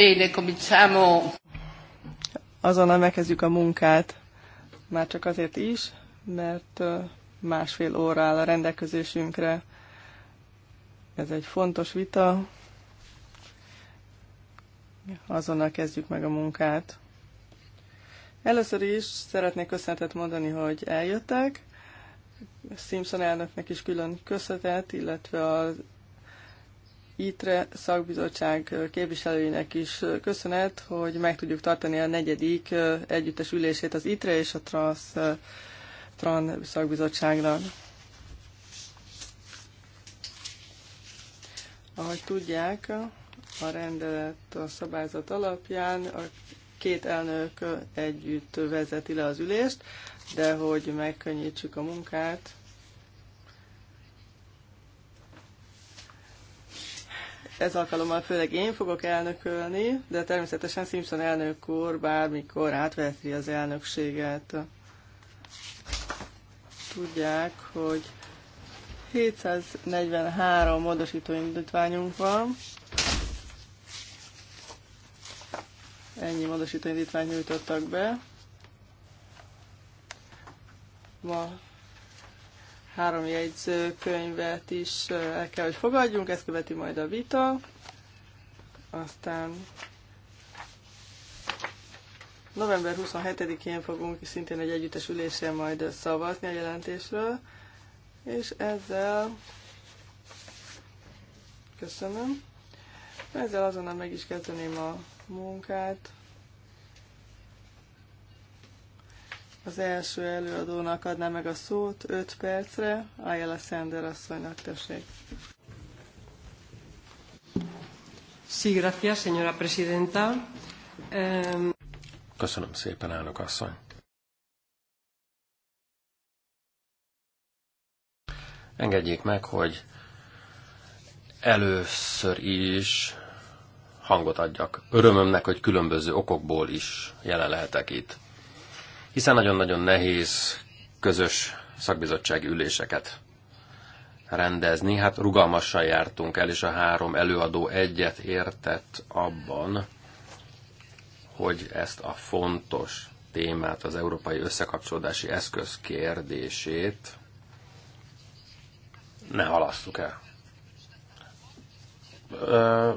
Bene, cominciamo. Azonnal megkezdjük a munkát, már csak azért is, mert másfél óra áll a rendelkezésünkre. Ez egy fontos vita. Azonnal kezdjük meg a munkát. Először is szeretnék köszönetet mondani, hogy eljöttek. Simpson elnöknek is külön köszönetet, illetve az ITRE szakbizottság képviselőinek is köszönet, hogy meg tudjuk tartani a negyedik együttes ülését az ITRE és a Trans TRAN szakbizottságnak. Ahogy tudják, a rendelet a szabályzat alapján a két elnök együtt vezeti le az ülést, de hogy megkönnyítsük a munkát, Ez alkalommal főleg én fogok elnökölni, de természetesen Simpson elnök úr bármikor átveheti az elnökséget. Tudják, hogy 743 módosító indítványunk van. Ennyi módosító indítványt nyújtottak be. Ma három jegyzőkönyvet is el kell, hogy fogadjunk, ezt követi majd a vita. Aztán november 27-én fogunk szintén egy együttes ülésen majd szavazni a jelentésről, és ezzel köszönöm. Ezzel azonnal meg is kezdeném a munkát. Az első előadónak adnám meg a szót 5 percre, Ayala Sender asszonynak tessék. Sí, gracias, señora presidenta. Um... Köszönöm szépen, elnök asszony. Engedjék meg, hogy először is hangot adjak. Örömömnek, hogy különböző okokból is jelen lehetek itt hiszen nagyon-nagyon nehéz közös szakbizottsági üléseket rendezni. Hát rugalmasan jártunk el, és a három előadó egyet értett abban, hogy ezt a fontos témát, az európai összekapcsolódási eszköz kérdését ne halasszuk el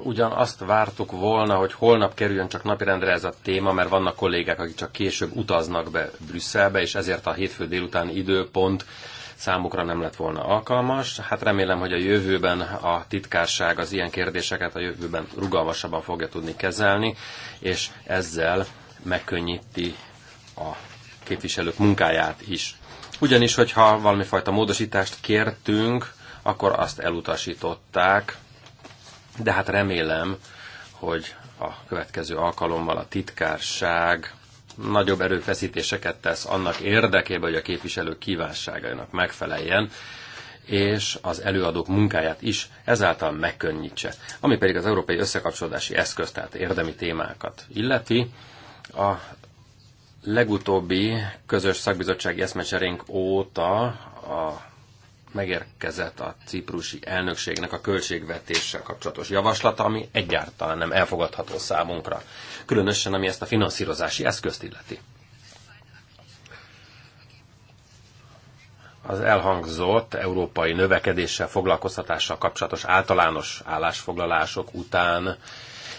ugyan azt vártuk volna, hogy holnap kerüljön csak napirendre ez a téma, mert vannak kollégák, akik csak később utaznak be Brüsszelbe, és ezért a hétfő délutáni időpont számukra nem lett volna alkalmas. Hát remélem, hogy a jövőben a titkárság az ilyen kérdéseket a jövőben rugalmasabban fogja tudni kezelni, és ezzel megkönnyíti a képviselők munkáját is. Ugyanis, hogyha valami fajta módosítást kértünk, akkor azt elutasították, de hát remélem, hogy a következő alkalommal a titkárság nagyobb erőfeszítéseket tesz annak érdekében, hogy a képviselők kívánságainak megfeleljen, és az előadók munkáját is ezáltal megkönnyítse. Ami pedig az európai összekapcsolódási eszköz, tehát érdemi témákat illeti, a legutóbbi közös szakbizottsági eszmecserénk óta a megérkezett a ciprusi elnökségnek a költségvetéssel kapcsolatos javaslata, ami egyáltalán nem elfogadható számunkra. Különösen, ami ezt a finanszírozási eszközt illeti. Az elhangzott európai növekedéssel, foglalkoztatással kapcsolatos általános állásfoglalások után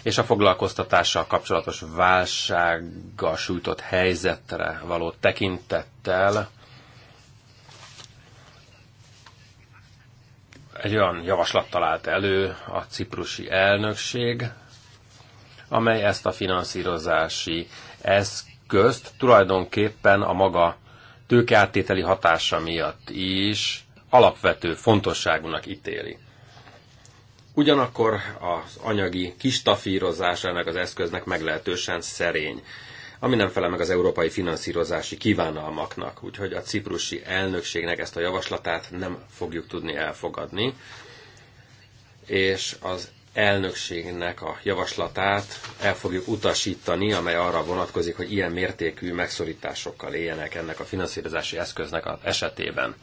és a foglalkoztatással kapcsolatos válsággal sújtott helyzetre való tekintettel egy olyan javaslat talált elő a ciprusi elnökség, amely ezt a finanszírozási eszközt tulajdonképpen a maga tőkeáttételi hatása miatt is alapvető fontosságúnak ítéli. Ugyanakkor az anyagi kistafírozás ennek az eszköznek meglehetősen szerény ami nem felel meg az európai finanszírozási kívánalmaknak. Úgyhogy a ciprusi elnökségnek ezt a javaslatát nem fogjuk tudni elfogadni, és az elnökségnek a javaslatát el fogjuk utasítani, amely arra vonatkozik, hogy ilyen mértékű megszorításokkal éljenek ennek a finanszírozási eszköznek az esetében.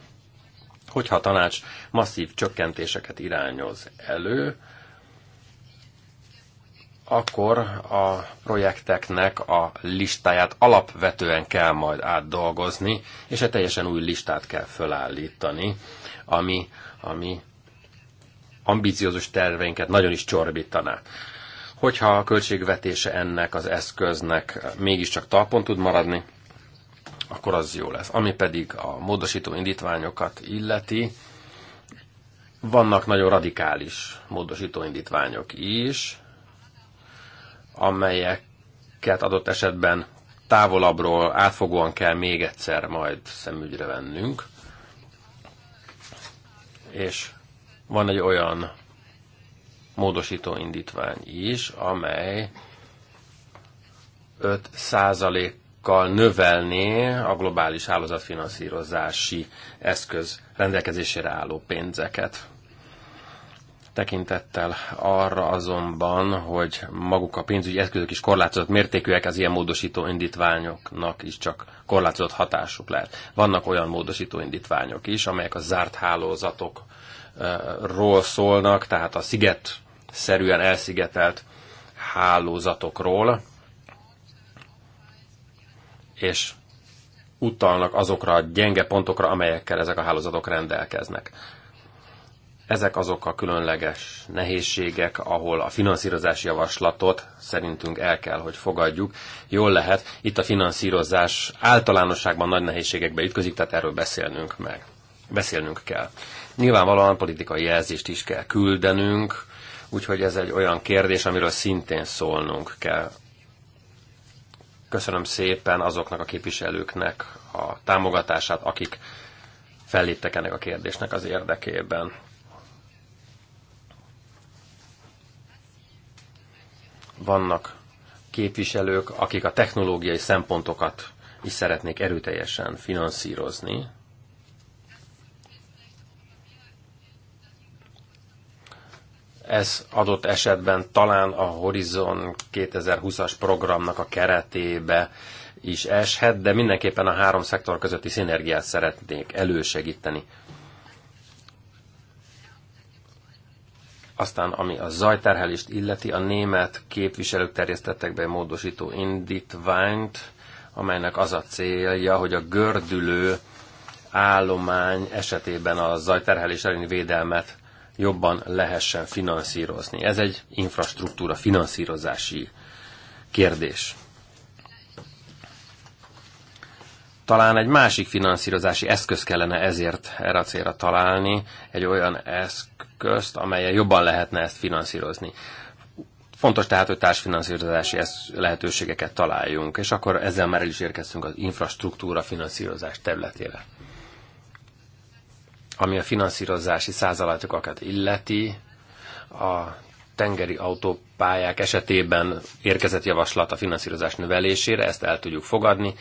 Hogyha a tanács masszív csökkentéseket irányoz elő, akkor a projekteknek a listáját alapvetően kell majd átdolgozni, és egy teljesen új listát kell fölállítani, ami, ami ambiciózus terveinket nagyon is csorbítaná. Hogyha a költségvetése ennek az eszköznek mégiscsak talpon tud maradni, akkor az jó lesz. Ami pedig a módosító indítványokat illeti, vannak nagyon radikális módosító indítványok is, amelyeket adott esetben távolabbról átfogóan kell még egyszer majd szemügyre vennünk. És van egy olyan módosító indítvány is, amely 5%-kal növelné a globális hálózatfinanszírozási eszköz rendelkezésére álló pénzeket. Tekintettel arra azonban, hogy maguk a pénzügyi eszközök is korlátozott mértékűek, az ilyen módosító indítványoknak is csak korlátozott hatásuk lehet. Vannak olyan módosító indítványok is, amelyek a zárt hálózatokról szólnak, tehát a sziget szerűen elszigetelt hálózatokról, és utalnak azokra a gyenge pontokra, amelyekkel ezek a hálózatok rendelkeznek ezek azok a különleges nehézségek, ahol a finanszírozási javaslatot szerintünk el kell, hogy fogadjuk. Jól lehet, itt a finanszírozás általánosságban nagy nehézségekbe ütközik, tehát erről beszélnünk meg. Beszélnünk kell. Nyilvánvalóan politikai jelzést is kell küldenünk, úgyhogy ez egy olyan kérdés, amiről szintén szólnunk kell. Köszönöm szépen azoknak a képviselőknek a támogatását, akik felléptek ennek a kérdésnek az érdekében. vannak képviselők, akik a technológiai szempontokat is szeretnék erőteljesen finanszírozni. Ez adott esetben talán a Horizon 2020-as programnak a keretébe is eshet, de mindenképpen a három szektor közötti szinergiát szeretnék elősegíteni. Aztán, ami a zajterhelést illeti, a német képviselők terjesztettek be módosító indítványt, amelynek az a célja, hogy a gördülő állomány esetében a zajterhelés elleni védelmet jobban lehessen finanszírozni. Ez egy infrastruktúra finanszírozási kérdés. Talán egy másik finanszírozási eszköz kellene ezért erre a célra találni, egy olyan eszköz, közt, amelyen jobban lehetne ezt finanszírozni. Fontos tehát, hogy társfinanszírozási lehetőségeket találjunk, és akkor ezzel már el is érkeztünk az infrastruktúra finanszírozás területére. Ami a finanszírozási százalátokat illeti, a tengeri autópályák esetében érkezett javaslat a finanszírozás növelésére, ezt el tudjuk fogadni,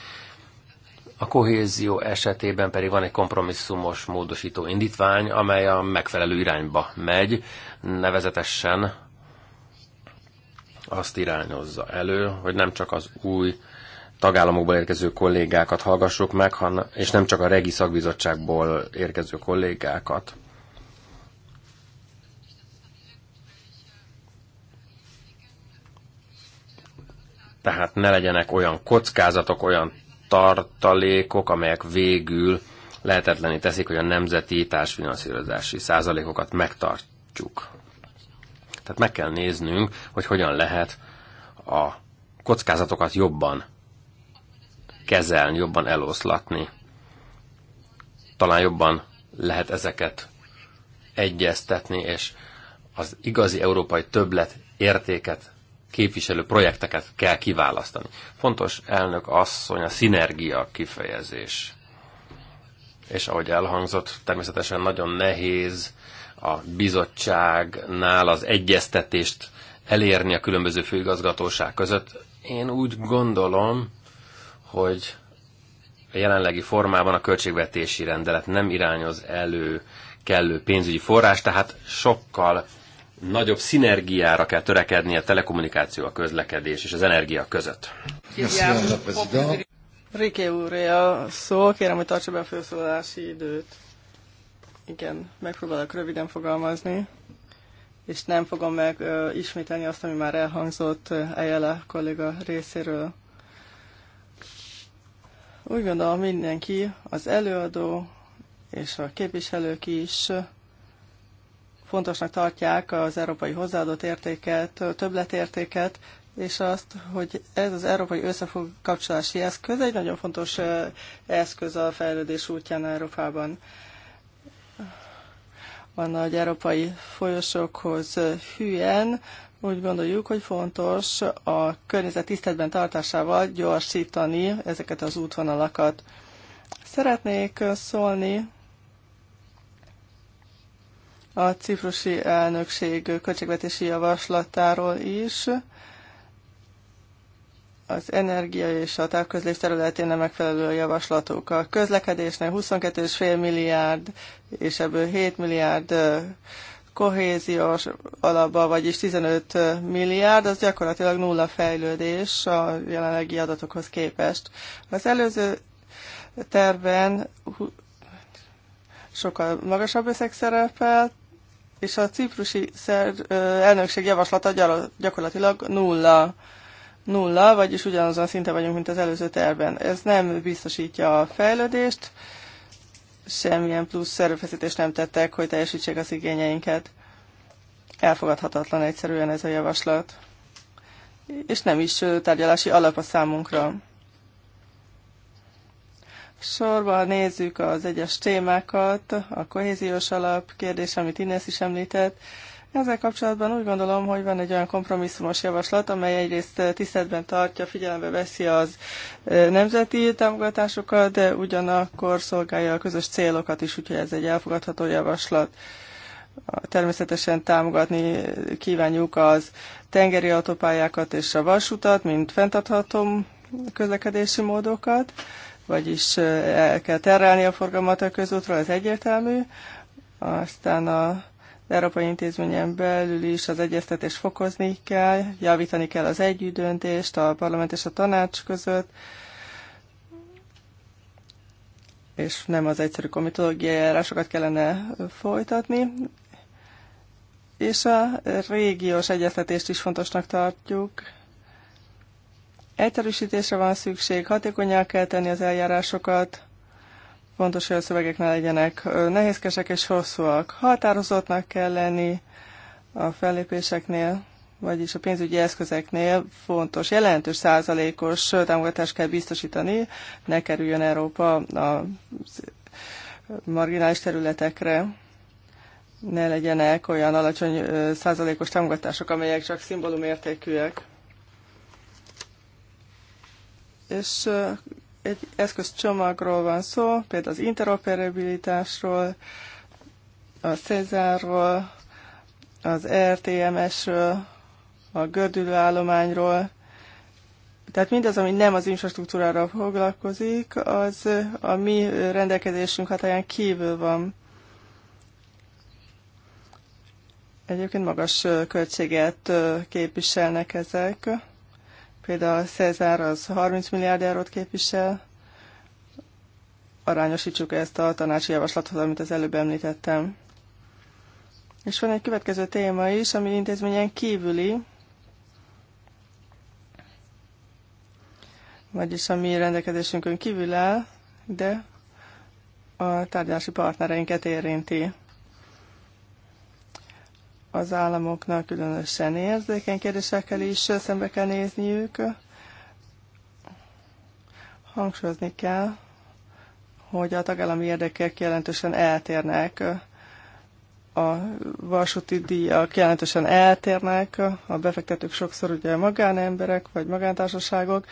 a kohézió esetében pedig van egy kompromisszumos módosító indítvány, amely a megfelelő irányba megy, nevezetesen azt irányozza elő, hogy nem csak az új tagállamokból érkező kollégákat hallgassuk meg, és nem csak a regi szakbizottságból érkező kollégákat. Tehát ne legyenek olyan kockázatok, olyan tartalékok, amelyek végül lehetetlené teszik, hogy a nemzeti társfinanszírozási százalékokat megtartjuk. Tehát meg kell néznünk, hogy hogyan lehet a kockázatokat jobban kezelni, jobban eloszlatni. Talán jobban lehet ezeket egyeztetni, és az igazi európai többlet értéket képviselő projekteket kell kiválasztani. Fontos elnök asszony a szinergia kifejezés. És ahogy elhangzott, természetesen nagyon nehéz a bizottságnál az egyeztetést elérni a különböző főigazgatóság között. Én úgy gondolom, hogy a jelenlegi formában a költségvetési rendelet nem irányoz elő kellő pénzügyi forrás, tehát sokkal nagyobb szinergiára kell törekedni a telekommunikáció, a közlekedés és az energia között. Riké úr, a szó, kérem, hogy tartsa be a felszólalási időt. Igen, megpróbálok röviden fogalmazni, és nem fogom meg ö, ismételni azt, ami már elhangzott Ejele kolléga részéről. Úgy gondolom mindenki, az előadó és a képviselők is fontosnak tartják az európai hozzáadott értéket, többletértéket, és azt, hogy ez az európai összefogkapcsolási eszköz egy nagyon fontos eszköz a fejlődés útján Európában. A nagy európai folyosókhoz hűen úgy gondoljuk, hogy fontos a környezet tiszteletben tartásával gyorsítani ezeket az útvonalakat. Szeretnék szólni a ciprusi elnökség költségvetési javaslatáról is. Az energia és a távközlés területén nem megfelelő a javaslatok. A közlekedésnél 22,5 milliárd, és ebből 7 milliárd kohéziós alapba, vagyis 15 milliárd, az gyakorlatilag nulla fejlődés a jelenlegi adatokhoz képest. Az előző terven sokkal magasabb összeg szerepelt, és a ciprusi szerv elnökség javaslata gyakorlatilag nulla, nulla, vagyis ugyanazon szinte vagyunk, mint az előző terben. Ez nem biztosítja a fejlődést, semmilyen plusz erőfeszítést nem tettek, hogy teljesítsék az igényeinket. Elfogadhatatlan egyszerűen ez a javaslat. És nem is tárgyalási alap a számunkra sorban nézzük az egyes témákat, a kohéziós alap kérdés, amit Inés is említett, ezzel kapcsolatban úgy gondolom, hogy van egy olyan kompromisszumos javaslat, amely egyrészt tiszteletben tartja, figyelembe veszi az nemzeti támogatásokat, de ugyanakkor szolgálja a közös célokat is, úgyhogy ez egy elfogadható javaslat. Természetesen támogatni kívánjuk az tengeri autópályákat és a vasutat, mint fenntartható közlekedési módokat vagyis el kell terelni a forgalmat a közútról, ez egyértelmű. Aztán a Európai Intézményen belül is az egyeztetés fokozni kell, javítani kell az együttdöntést a parlament és a tanács között, és nem az egyszerű komitológiai járásokat kellene folytatni. És a régiós egyeztetést is fontosnak tartjuk, Egyszerűsítésre van szükség, hatékonyá kell tenni az eljárásokat, fontos, hogy a szövegek ne legyenek nehézkesek és hosszúak. Határozottnak kell lenni a fellépéseknél, vagyis a pénzügyi eszközeknél fontos, jelentős százalékos támogatást kell biztosítani, ne kerüljön Európa a marginális területekre, ne legyenek olyan alacsony százalékos támogatások, amelyek csak szimbólumértékűek és egy eszközcsomagról van szó, például az interoperabilitásról, a Cezárról, az RTMS-ről, a gördülőállományról. Tehát mindaz, ami nem az infrastruktúrára foglalkozik, az a mi rendelkezésünk hatáján kívül van. Egyébként magas költséget képviselnek ezek. Például a Cezár az 30 milliárd eurót képvisel, arányosítsuk ezt a tanácsi javaslathoz, amit az előbb említettem. És van egy következő téma is, ami intézményen kívüli, vagyis mi rendelkezésünkön kívül áll, de a tárgyalási partnereinket érinti az államoknak különösen érzékeny kérdésekkel is szembe kell nézniük. Hangsúlyozni kell, hogy a tagállami érdekek jelentősen eltérnek, a vasúti díjak jelentősen eltérnek, a befektetők sokszor ugye magánemberek vagy magántársaságok,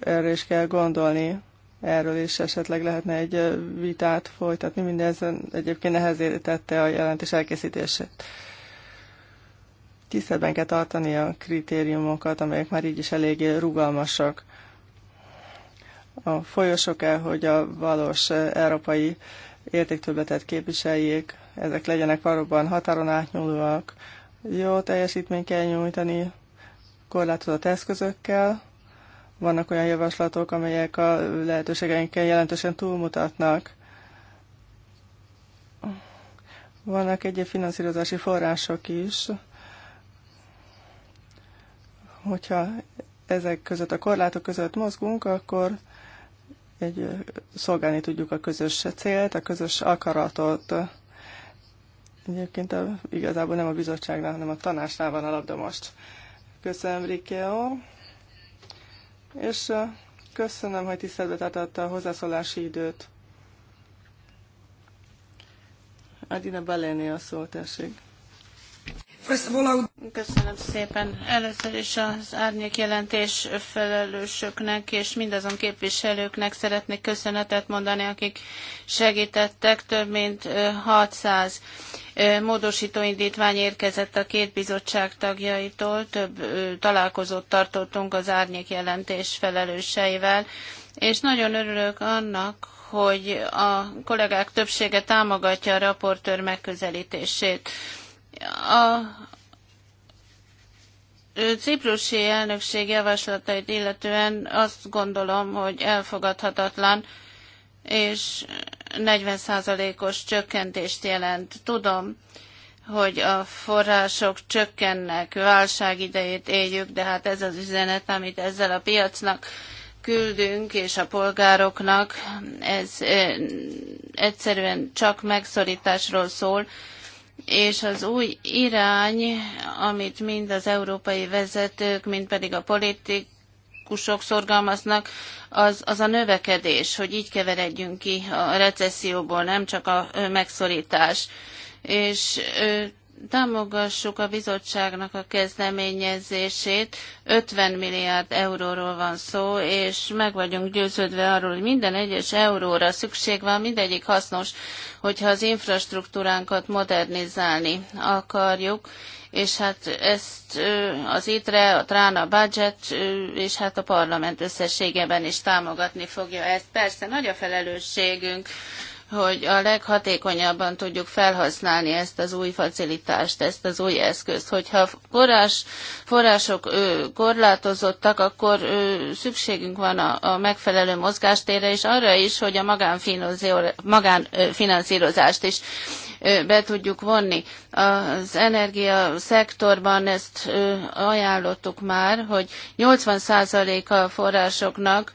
erre is kell gondolni erről is esetleg lehetne egy vitát folytatni, mindez egyébként nehezére tette a jelentés elkészítését tiszteletben kell tartani a kritériumokat, amelyek már így is eléggé rugalmasak. A folyosok el, hogy a valós európai értéktöbletet képviseljék, ezek legyenek valóban határon átnyúlóak, jó teljesítményt kell nyújtani korlátozott eszközökkel, vannak olyan javaslatok, amelyek a lehetőségeinkkel jelentősen túlmutatnak. Vannak egyéb finanszírozási források is, hogyha ezek között, a korlátok között mozgunk, akkor egy, szolgálni tudjuk a közös célt, a közös akaratot. Egyébként a, igazából nem a bizottságnál, hanem a tanácsnál van a labda most. Köszönöm, Rikeo. És köszönöm, hogy tiszteletbe tartotta a hozzászólási időt. Adina Beléni a szó, tessék. Köszönöm szépen. Először is az árnyék jelentés felelősöknek és mindazon képviselőknek szeretnék köszönetet mondani, akik segítettek. Több mint 600 módosítóindítvány érkezett a két bizottság tagjaitól. Több találkozót tartottunk az árnyék jelentés felelőseivel, és nagyon örülök annak, hogy a kollégák többsége támogatja a raportőr megközelítését a ciprusi elnökség javaslatait illetően azt gondolom, hogy elfogadhatatlan, és 40%-os csökkentést jelent. Tudom, hogy a források csökkennek, válság idejét éljük, de hát ez az üzenet, amit ezzel a piacnak küldünk, és a polgároknak, ez egyszerűen csak megszorításról szól, és az új irány, amit mind az európai vezetők, mind pedig a politik, kusok szorgalmaznak, az, az a növekedés, hogy így keveredjünk ki a recesszióból, nem csak a megszorítás. És támogassuk a bizottságnak a kezdeményezését. 50 milliárd euróról van szó, és meg vagyunk győződve arról, hogy minden egyes euróra szükség van, mindegyik hasznos, hogyha az infrastruktúránkat modernizálni akarjuk, és hát ezt az ITRE, a TRÁNA budget, és hát a parlament összességében is támogatni fogja ezt. Persze nagy a felelősségünk, hogy a leghatékonyabban tudjuk felhasználni ezt az új facilitást, ezt az új eszközt. Hogyha forrás, források ő, korlátozottak, akkor szükségünk van a, a megfelelő mozgástérre, és arra is, hogy a magánfinanszírozást is be tudjuk vonni. Az energia szektorban ezt ajánlottuk már, hogy 80%-a a forrásoknak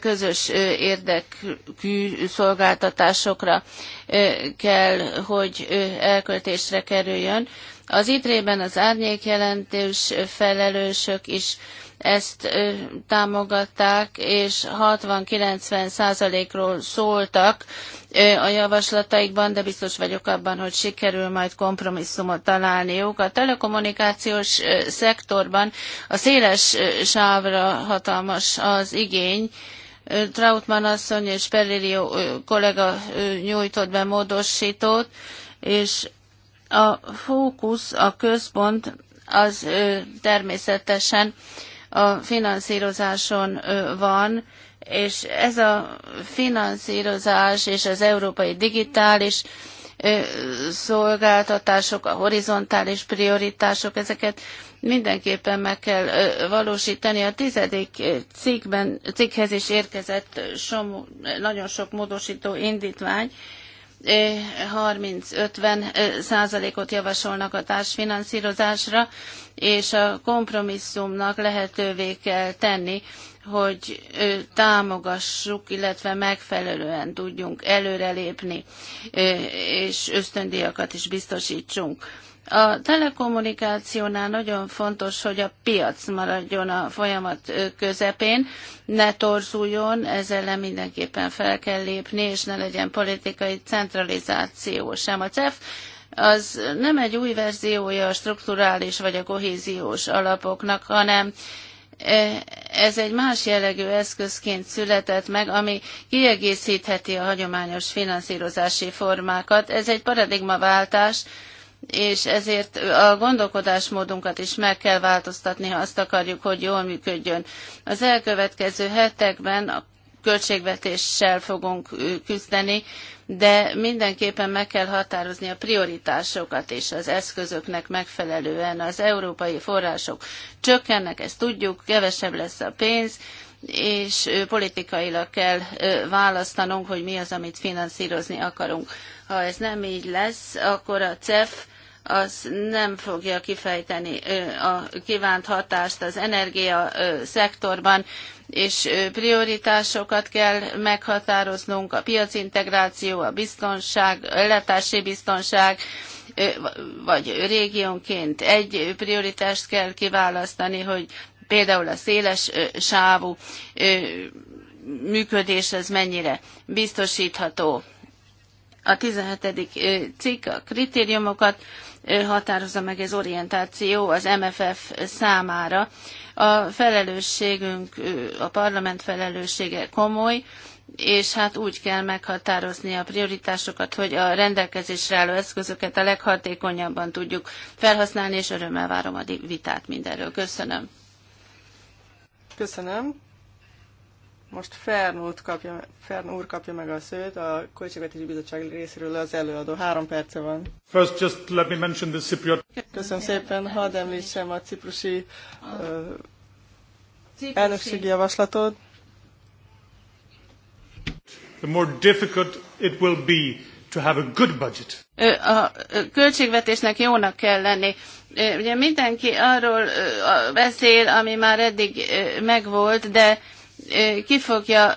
közös érdekű szolgáltatásokra kell, hogy elköltésre kerüljön. Az ITRE-ben az árnyékjelentős felelősök is ezt támogatták, és 60-90 százalékról szóltak a javaslataikban, de biztos vagyok abban, hogy sikerül majd kompromisszumot találniuk. A telekommunikációs szektorban a széles sávra hatalmas az igény, Trautmann asszony és Perlilio kollega nyújtott be módosítót, és a fókusz, a központ az természetesen a finanszírozáson van, és ez a finanszírozás és az európai digitális szolgáltatások, a horizontális prioritások, ezeket mindenképpen meg kell valósítani. A tizedik cikkben, cikkhez is érkezett som, nagyon sok módosító indítvány, 30-50 e, e, százalékot javasolnak a társfinanszírozásra, és a kompromisszumnak lehetővé kell tenni, hogy támogassuk, illetve megfelelően tudjunk előrelépni, és ösztöndíjakat is biztosítsunk a telekommunikációnál nagyon fontos, hogy a piac maradjon a folyamat közepén, ne torzuljon, ezzel mindenképpen fel kell lépni, és ne legyen politikai centralizáció sem. A CEF az nem egy új verziója a strukturális vagy a kohéziós alapoknak, hanem ez egy más jellegű eszközként született meg, ami kiegészítheti a hagyományos finanszírozási formákat. Ez egy paradigmaváltás, és ezért a gondolkodásmódunkat is meg kell változtatni, ha azt akarjuk, hogy jól működjön. Az elkövetkező hetekben a költségvetéssel fogunk küzdeni, de mindenképpen meg kell határozni a prioritásokat és az eszközöknek megfelelően. Az európai források csökkennek, ezt tudjuk, kevesebb lesz a pénz, és politikailag kell választanunk, hogy mi az, amit finanszírozni akarunk. Ha ez nem így lesz, akkor a CEF az nem fogja kifejteni a kívánt hatást az energia szektorban, és prioritásokat kell meghatároznunk, a piacintegráció, a biztonság, ellátási biztonság, vagy régiónként egy prioritást kell kiválasztani, hogy például a széles sávú működés az mennyire biztosítható. A 17. cikk a kritériumokat határozza meg az orientáció az MFF számára. A felelősségünk, a parlament felelőssége komoly, és hát úgy kell meghatározni a prioritásokat, hogy a rendelkezésre álló eszközöket a leghatékonyabban tudjuk felhasználni, és örömmel várom a vitát mindenről. Köszönöm. Köszönöm. Most Fern, kapja, Fern úr kapja meg a szőt, a Költségvetési Bizottság részéről az előadó. Három perce van. First, just let me mention the Cypriot. Köszönöm szépen, hadd említsem a ciprusi uh, elnökségi javaslatot. The more difficult it will be to have a good budget. A költségvetésnek jónak kell lenni. Ugye mindenki arról beszél, ami már eddig megvolt, de ki fogja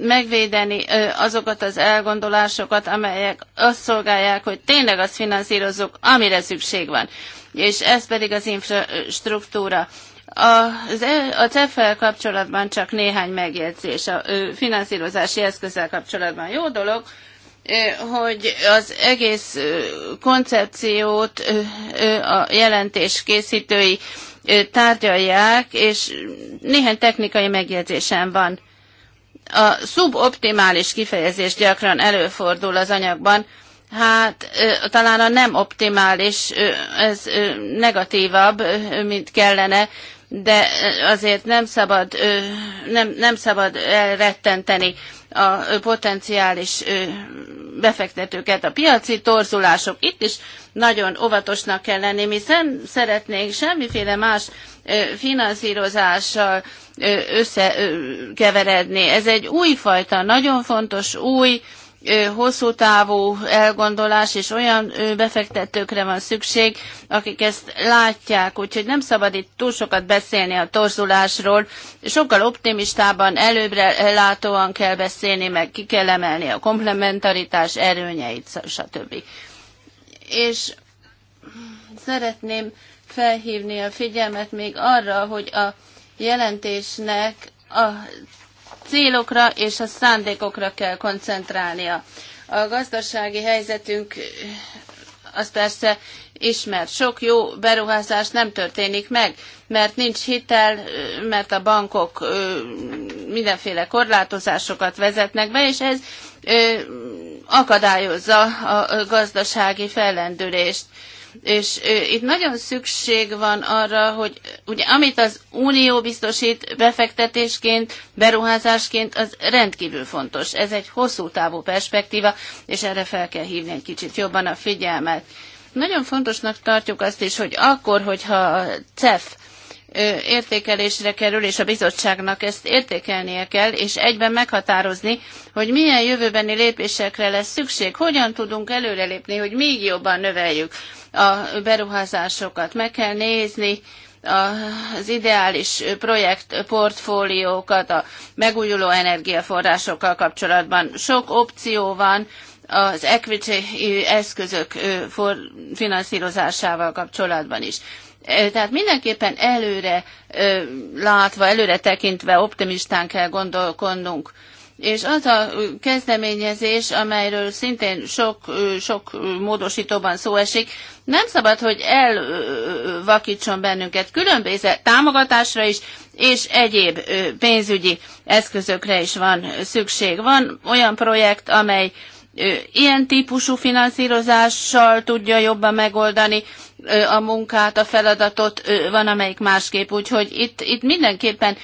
megvédeni azokat az elgondolásokat, amelyek azt szolgálják, hogy tényleg azt finanszírozzuk, amire szükség van. És ez pedig az infrastruktúra. E, a CEF-fel kapcsolatban csak néhány megjegyzés a finanszírozási eszközzel kapcsolatban. Jó dolog, hogy az egész koncepciót a jelentés készítői tárgyalják, és néhány technikai megjegyzésem van. A szuboptimális kifejezés gyakran előfordul az anyagban, Hát talán a nem optimális, ez negatívabb, mint kellene, de azért nem szabad, nem, nem szabad elrettenteni a potenciális befektetőket. A piaci torzulások itt is nagyon óvatosnak kell lenni, mi nem szeretnénk semmiféle más finanszírozással összekeveredni. Ez egy újfajta, nagyon fontos új hosszú távú elgondolás, és olyan befektetőkre van szükség, akik ezt látják, úgyhogy nem szabad itt túl sokat beszélni a torzulásról, sokkal optimistában, előbbre látóan kell beszélni, meg ki kell emelni a komplementaritás erőnyeit, stb. És szeretném felhívni a figyelmet még arra, hogy a jelentésnek a célokra és a szándékokra kell koncentrálnia. A gazdasági helyzetünk az persze ismert. Sok jó beruházás nem történik meg, mert nincs hitel, mert a bankok mindenféle korlátozásokat vezetnek be, és ez akadályozza a gazdasági fellendülést. És itt nagyon szükség van arra, hogy ugye amit az Unió biztosít befektetésként, beruházásként, az rendkívül fontos. Ez egy hosszú távú perspektíva, és erre fel kell hívni egy kicsit jobban a figyelmet. Nagyon fontosnak tartjuk azt is, hogy akkor, hogyha a CEF értékelésre kerül, és a bizottságnak ezt értékelnie kell, és egyben meghatározni, hogy milyen jövőbeni lépésekre lesz szükség, hogyan tudunk előrelépni, hogy még jobban növeljük a beruházásokat. Meg kell nézni, az ideális projektportfóliókat a megújuló energiaforrásokkal kapcsolatban. Sok opció van az equity eszközök finanszírozásával kapcsolatban is. Tehát mindenképpen előre látva, előre tekintve optimistán kell gondolkodnunk. És az a kezdeményezés, amelyről szintén sok, sok módosítóban szó esik, nem szabad, hogy elvakítson bennünket különböző támogatásra is, és egyéb pénzügyi eszközökre is van szükség. Van olyan projekt, amely ilyen típusú finanszírozással tudja jobban megoldani a munkát, a feladatot, van amelyik másképp, úgyhogy itt, itt mindenképpen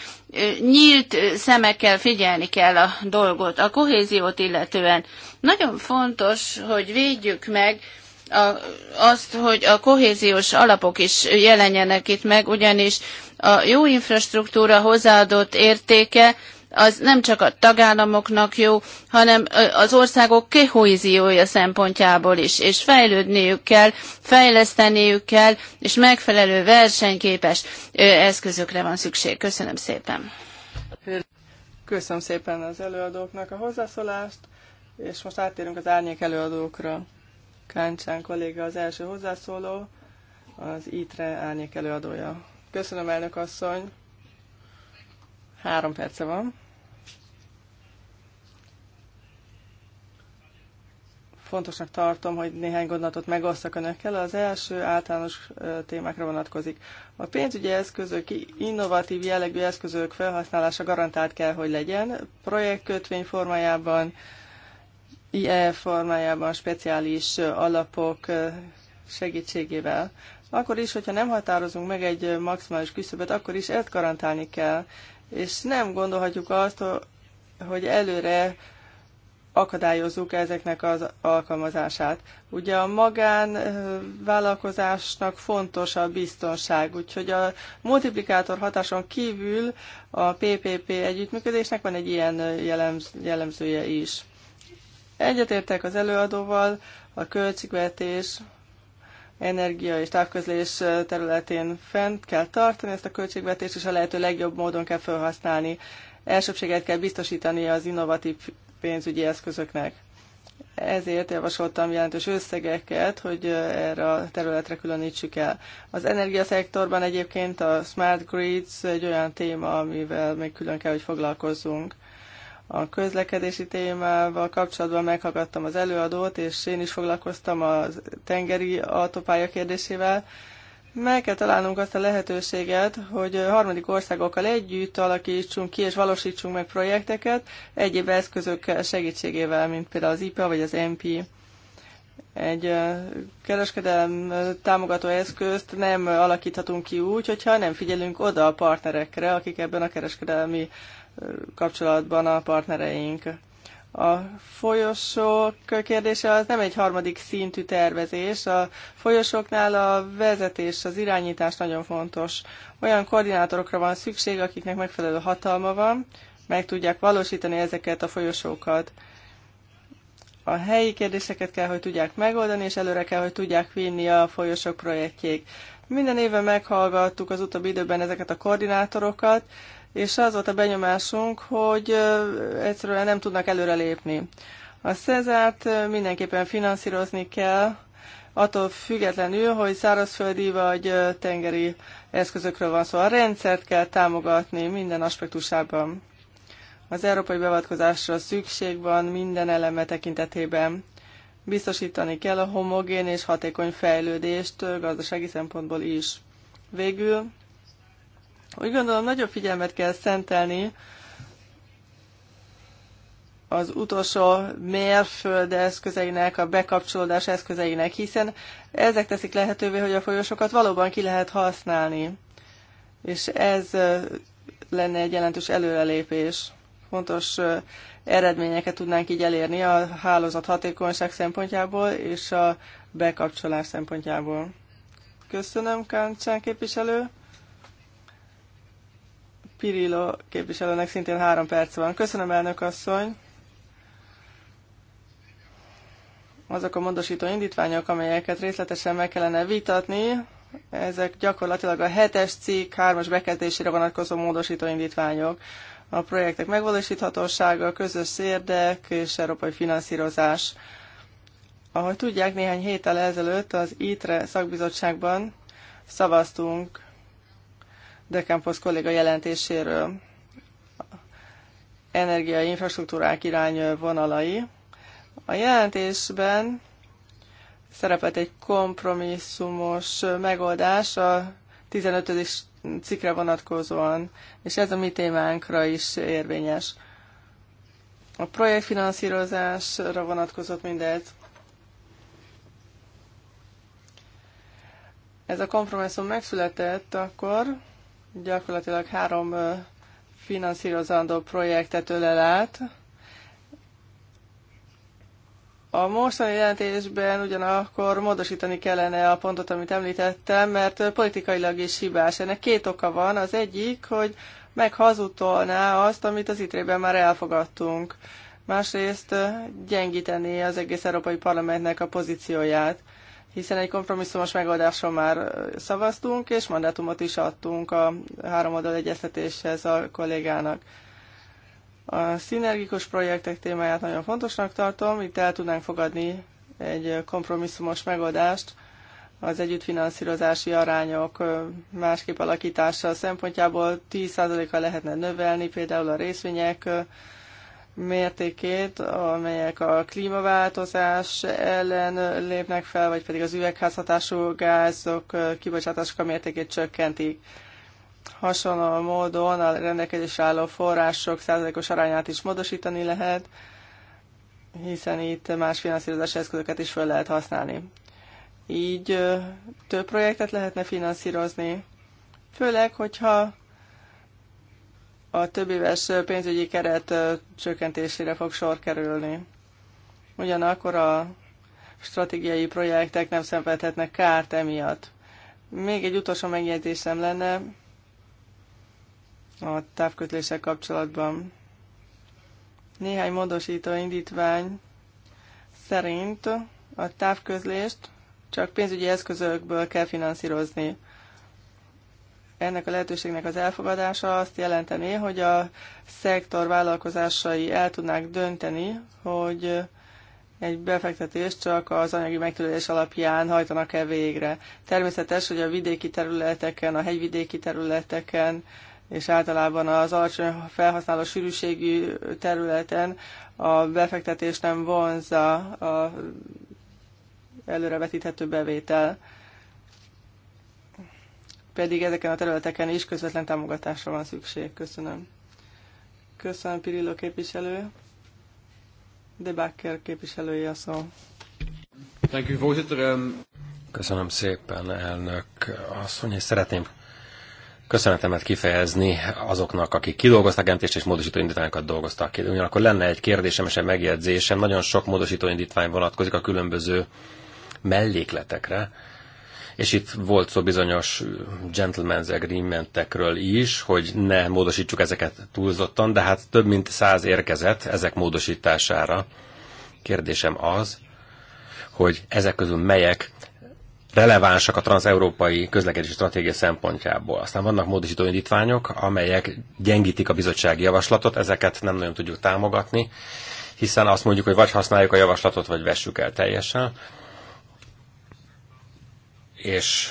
nyílt szemekkel figyelni kell a dolgot. A kohéziót illetően nagyon fontos, hogy védjük meg a, azt, hogy a kohéziós alapok is jelenjenek itt meg, ugyanis a jó infrastruktúra hozzáadott értéke az nem csak a tagállamoknak jó, hanem az országok kohéziója szempontjából is, és fejlődniük kell, fejleszteniük kell, és megfelelő versenyképes eszközökre van szükség. Köszönöm szépen. Köszönöm szépen az előadóknak a hozzászólást, és most áttérünk az árnyék előadókra. Káncsán kolléga az első hozzászóló, az ITRE árnyék előadója. Köszönöm, elnök asszony! Három perce van. fontosnak tartom, hogy néhány gondolatot megosztak önökkel. Az első általános témákra vonatkozik. A pénzügyi eszközök, innovatív jellegű eszközök felhasználása garantált kell, hogy legyen. Projektkötvény formájában, IE formájában, speciális alapok segítségével. Akkor is, hogyha nem határozunk meg egy maximális küszöbet, akkor is ezt garantálni kell. És nem gondolhatjuk azt, hogy előre akadályozzuk ezeknek az alkalmazását. Ugye a magánvállalkozásnak fontos a biztonság, úgyhogy a multiplikátor hatáson kívül a PPP együttműködésnek van egy ilyen jellemz, jellemzője is. Egyetértek az előadóval, a költségvetés, energia és távközlés területén fent kell tartani ezt a költségvetést, és a lehető legjobb módon kell felhasználni elsőbséget kell biztosítani az innovatív pénzügyi eszközöknek. Ezért javasoltam jelentős összegeket, hogy erre a területre különítsük el. Az energiaszektorban egyébként a smart grids egy olyan téma, amivel még külön kell, hogy foglalkozzunk. A közlekedési témával kapcsolatban meghallgattam az előadót, és én is foglalkoztam a tengeri autópálya kérdésével, meg kell találnunk azt a lehetőséget, hogy harmadik országokkal együtt alakítsunk ki és valósítsunk meg projekteket egyéb eszközök segítségével, mint például az IPA vagy az MP. Egy kereskedelem támogató eszközt nem alakíthatunk ki úgy, hogyha nem figyelünk oda a partnerekre, akik ebben a kereskedelmi kapcsolatban a partnereink. A folyosók kérdése az nem egy harmadik szintű tervezés. A folyosóknál a vezetés, az irányítás nagyon fontos. Olyan koordinátorokra van szükség, akiknek megfelelő hatalma van, meg tudják valósítani ezeket a folyosókat. A helyi kérdéseket kell, hogy tudják megoldani, és előre kell, hogy tudják vinni a folyosók projektjék. Minden évben meghallgattuk az utóbbi időben ezeket a koordinátorokat, és az volt a benyomásunk, hogy egyszerűen nem tudnak előrelépni. A Cezárt mindenképpen finanszírozni kell, attól függetlenül, hogy szárazföldi vagy tengeri eszközökről van szó. Szóval a rendszert kell támogatni minden aspektusában. Az európai beavatkozásra szükség van minden eleme tekintetében. Biztosítani kell a homogén és hatékony fejlődést gazdasági szempontból is. Végül úgy gondolom, nagyobb figyelmet kell szentelni az utolsó mérföld eszközeinek, a bekapcsolódás eszközeinek, hiszen ezek teszik lehetővé, hogy a folyosokat valóban ki lehet használni. És ez lenne egy jelentős előrelépés. Fontos eredményeket tudnánk így elérni a hálózat hatékonyság szempontjából és a bekapcsolás szempontjából. Köszönöm, Káncsán képviselő. Pirillo képviselőnek szintén három perc van. Köszönöm, elnök asszony! Azok a módosító indítványok, amelyeket részletesen meg kellene vitatni, ezek gyakorlatilag a 7-es cikk 3-as bekezdésére vonatkozó módosító indítványok. A projektek megvalósíthatósága, közös érdek és európai finanszírozás. Ahogy tudják, néhány héttel ezelőtt az ITRE szakbizottságban szavaztunk Decampos kolléga jelentéséről energiai infrastruktúrák irány vonalai. A jelentésben szerepelt egy kompromisszumos megoldás a 15. cikre vonatkozóan, és ez a mi témánkra is érvényes. A projektfinanszírozásra vonatkozott mindez. Ez a kompromisszum megszületett akkor, gyakorlatilag három finanszírozandó projektet ölel át. A mostani jelentésben ugyanakkor módosítani kellene a pontot, amit említettem, mert politikailag is hibás. Ennek két oka van. Az egyik, hogy meghazutolná azt, amit az ITRE-ben már elfogadtunk. Másrészt gyengíteni az egész Európai Parlamentnek a pozícióját hiszen egy kompromisszumos megoldáson már szavaztunk, és mandátumot is adtunk a háromoldal egyeztetéshez a kollégának. A szinergikus projektek témáját nagyon fontosnak tartom, itt el tudnánk fogadni egy kompromisszumos megoldást az együttfinanszírozási arányok másképp alakítása szempontjából 10%-a lehetne növelni, például a részvények mértékét, amelyek a klímaváltozás ellen lépnek fel, vagy pedig az üvegházhatású gázok kibocsátások a mértékét csökkentik. Hasonló módon a rendelkezésre álló források százalékos arányát is módosítani lehet, hiszen itt más finanszírozási eszközöket is fel lehet használni. Így több projektet lehetne finanszírozni, főleg, hogyha a több éves pénzügyi keret csökkentésére fog sor kerülni. Ugyanakkor a stratégiai projektek nem szenvedhetnek kárt emiatt. Még egy utolsó megjegyzésem lenne a távkötléssel kapcsolatban. Néhány módosító indítvány szerint a távközlést csak pénzügyi eszközökből kell finanszírozni ennek a lehetőségnek az elfogadása azt jelenteni, hogy a szektor vállalkozásai el tudnák dönteni, hogy egy befektetést csak az anyagi megtudás alapján hajtanak-e végre. Természetes, hogy a vidéki területeken, a hegyvidéki területeken és általában az alacsony felhasználó sűrűségű területen a befektetés nem vonza a előrevetíthető bevétel pedig ezeken a területeken is közvetlen támogatásra van szükség. Köszönöm. Köszönöm Pirillo képviselő. De Bakker képviselője a szó. Thank you, voorzitter. Ehm. Köszönöm szépen, elnök asszony, és szeretném köszönetemet kifejezni azoknak, akik kidolgozták jelentést és módosító indítványokat dolgoztak ki. Ugyanakkor lenne egy kérdésem és egy megjegyzésem. Nagyon sok módosító indítvány vonatkozik a különböző mellékletekre és itt volt szó bizonyos gentleman's agreementekről is, hogy ne módosítsuk ezeket túlzottan, de hát több mint száz érkezett ezek módosítására. Kérdésem az, hogy ezek közül melyek relevánsak a transeurópai közlekedési stratégia szempontjából. Aztán vannak módosító indítványok, amelyek gyengítik a bizottsági javaslatot, ezeket nem nagyon tudjuk támogatni, hiszen azt mondjuk, hogy vagy használjuk a javaslatot, vagy vessük el teljesen és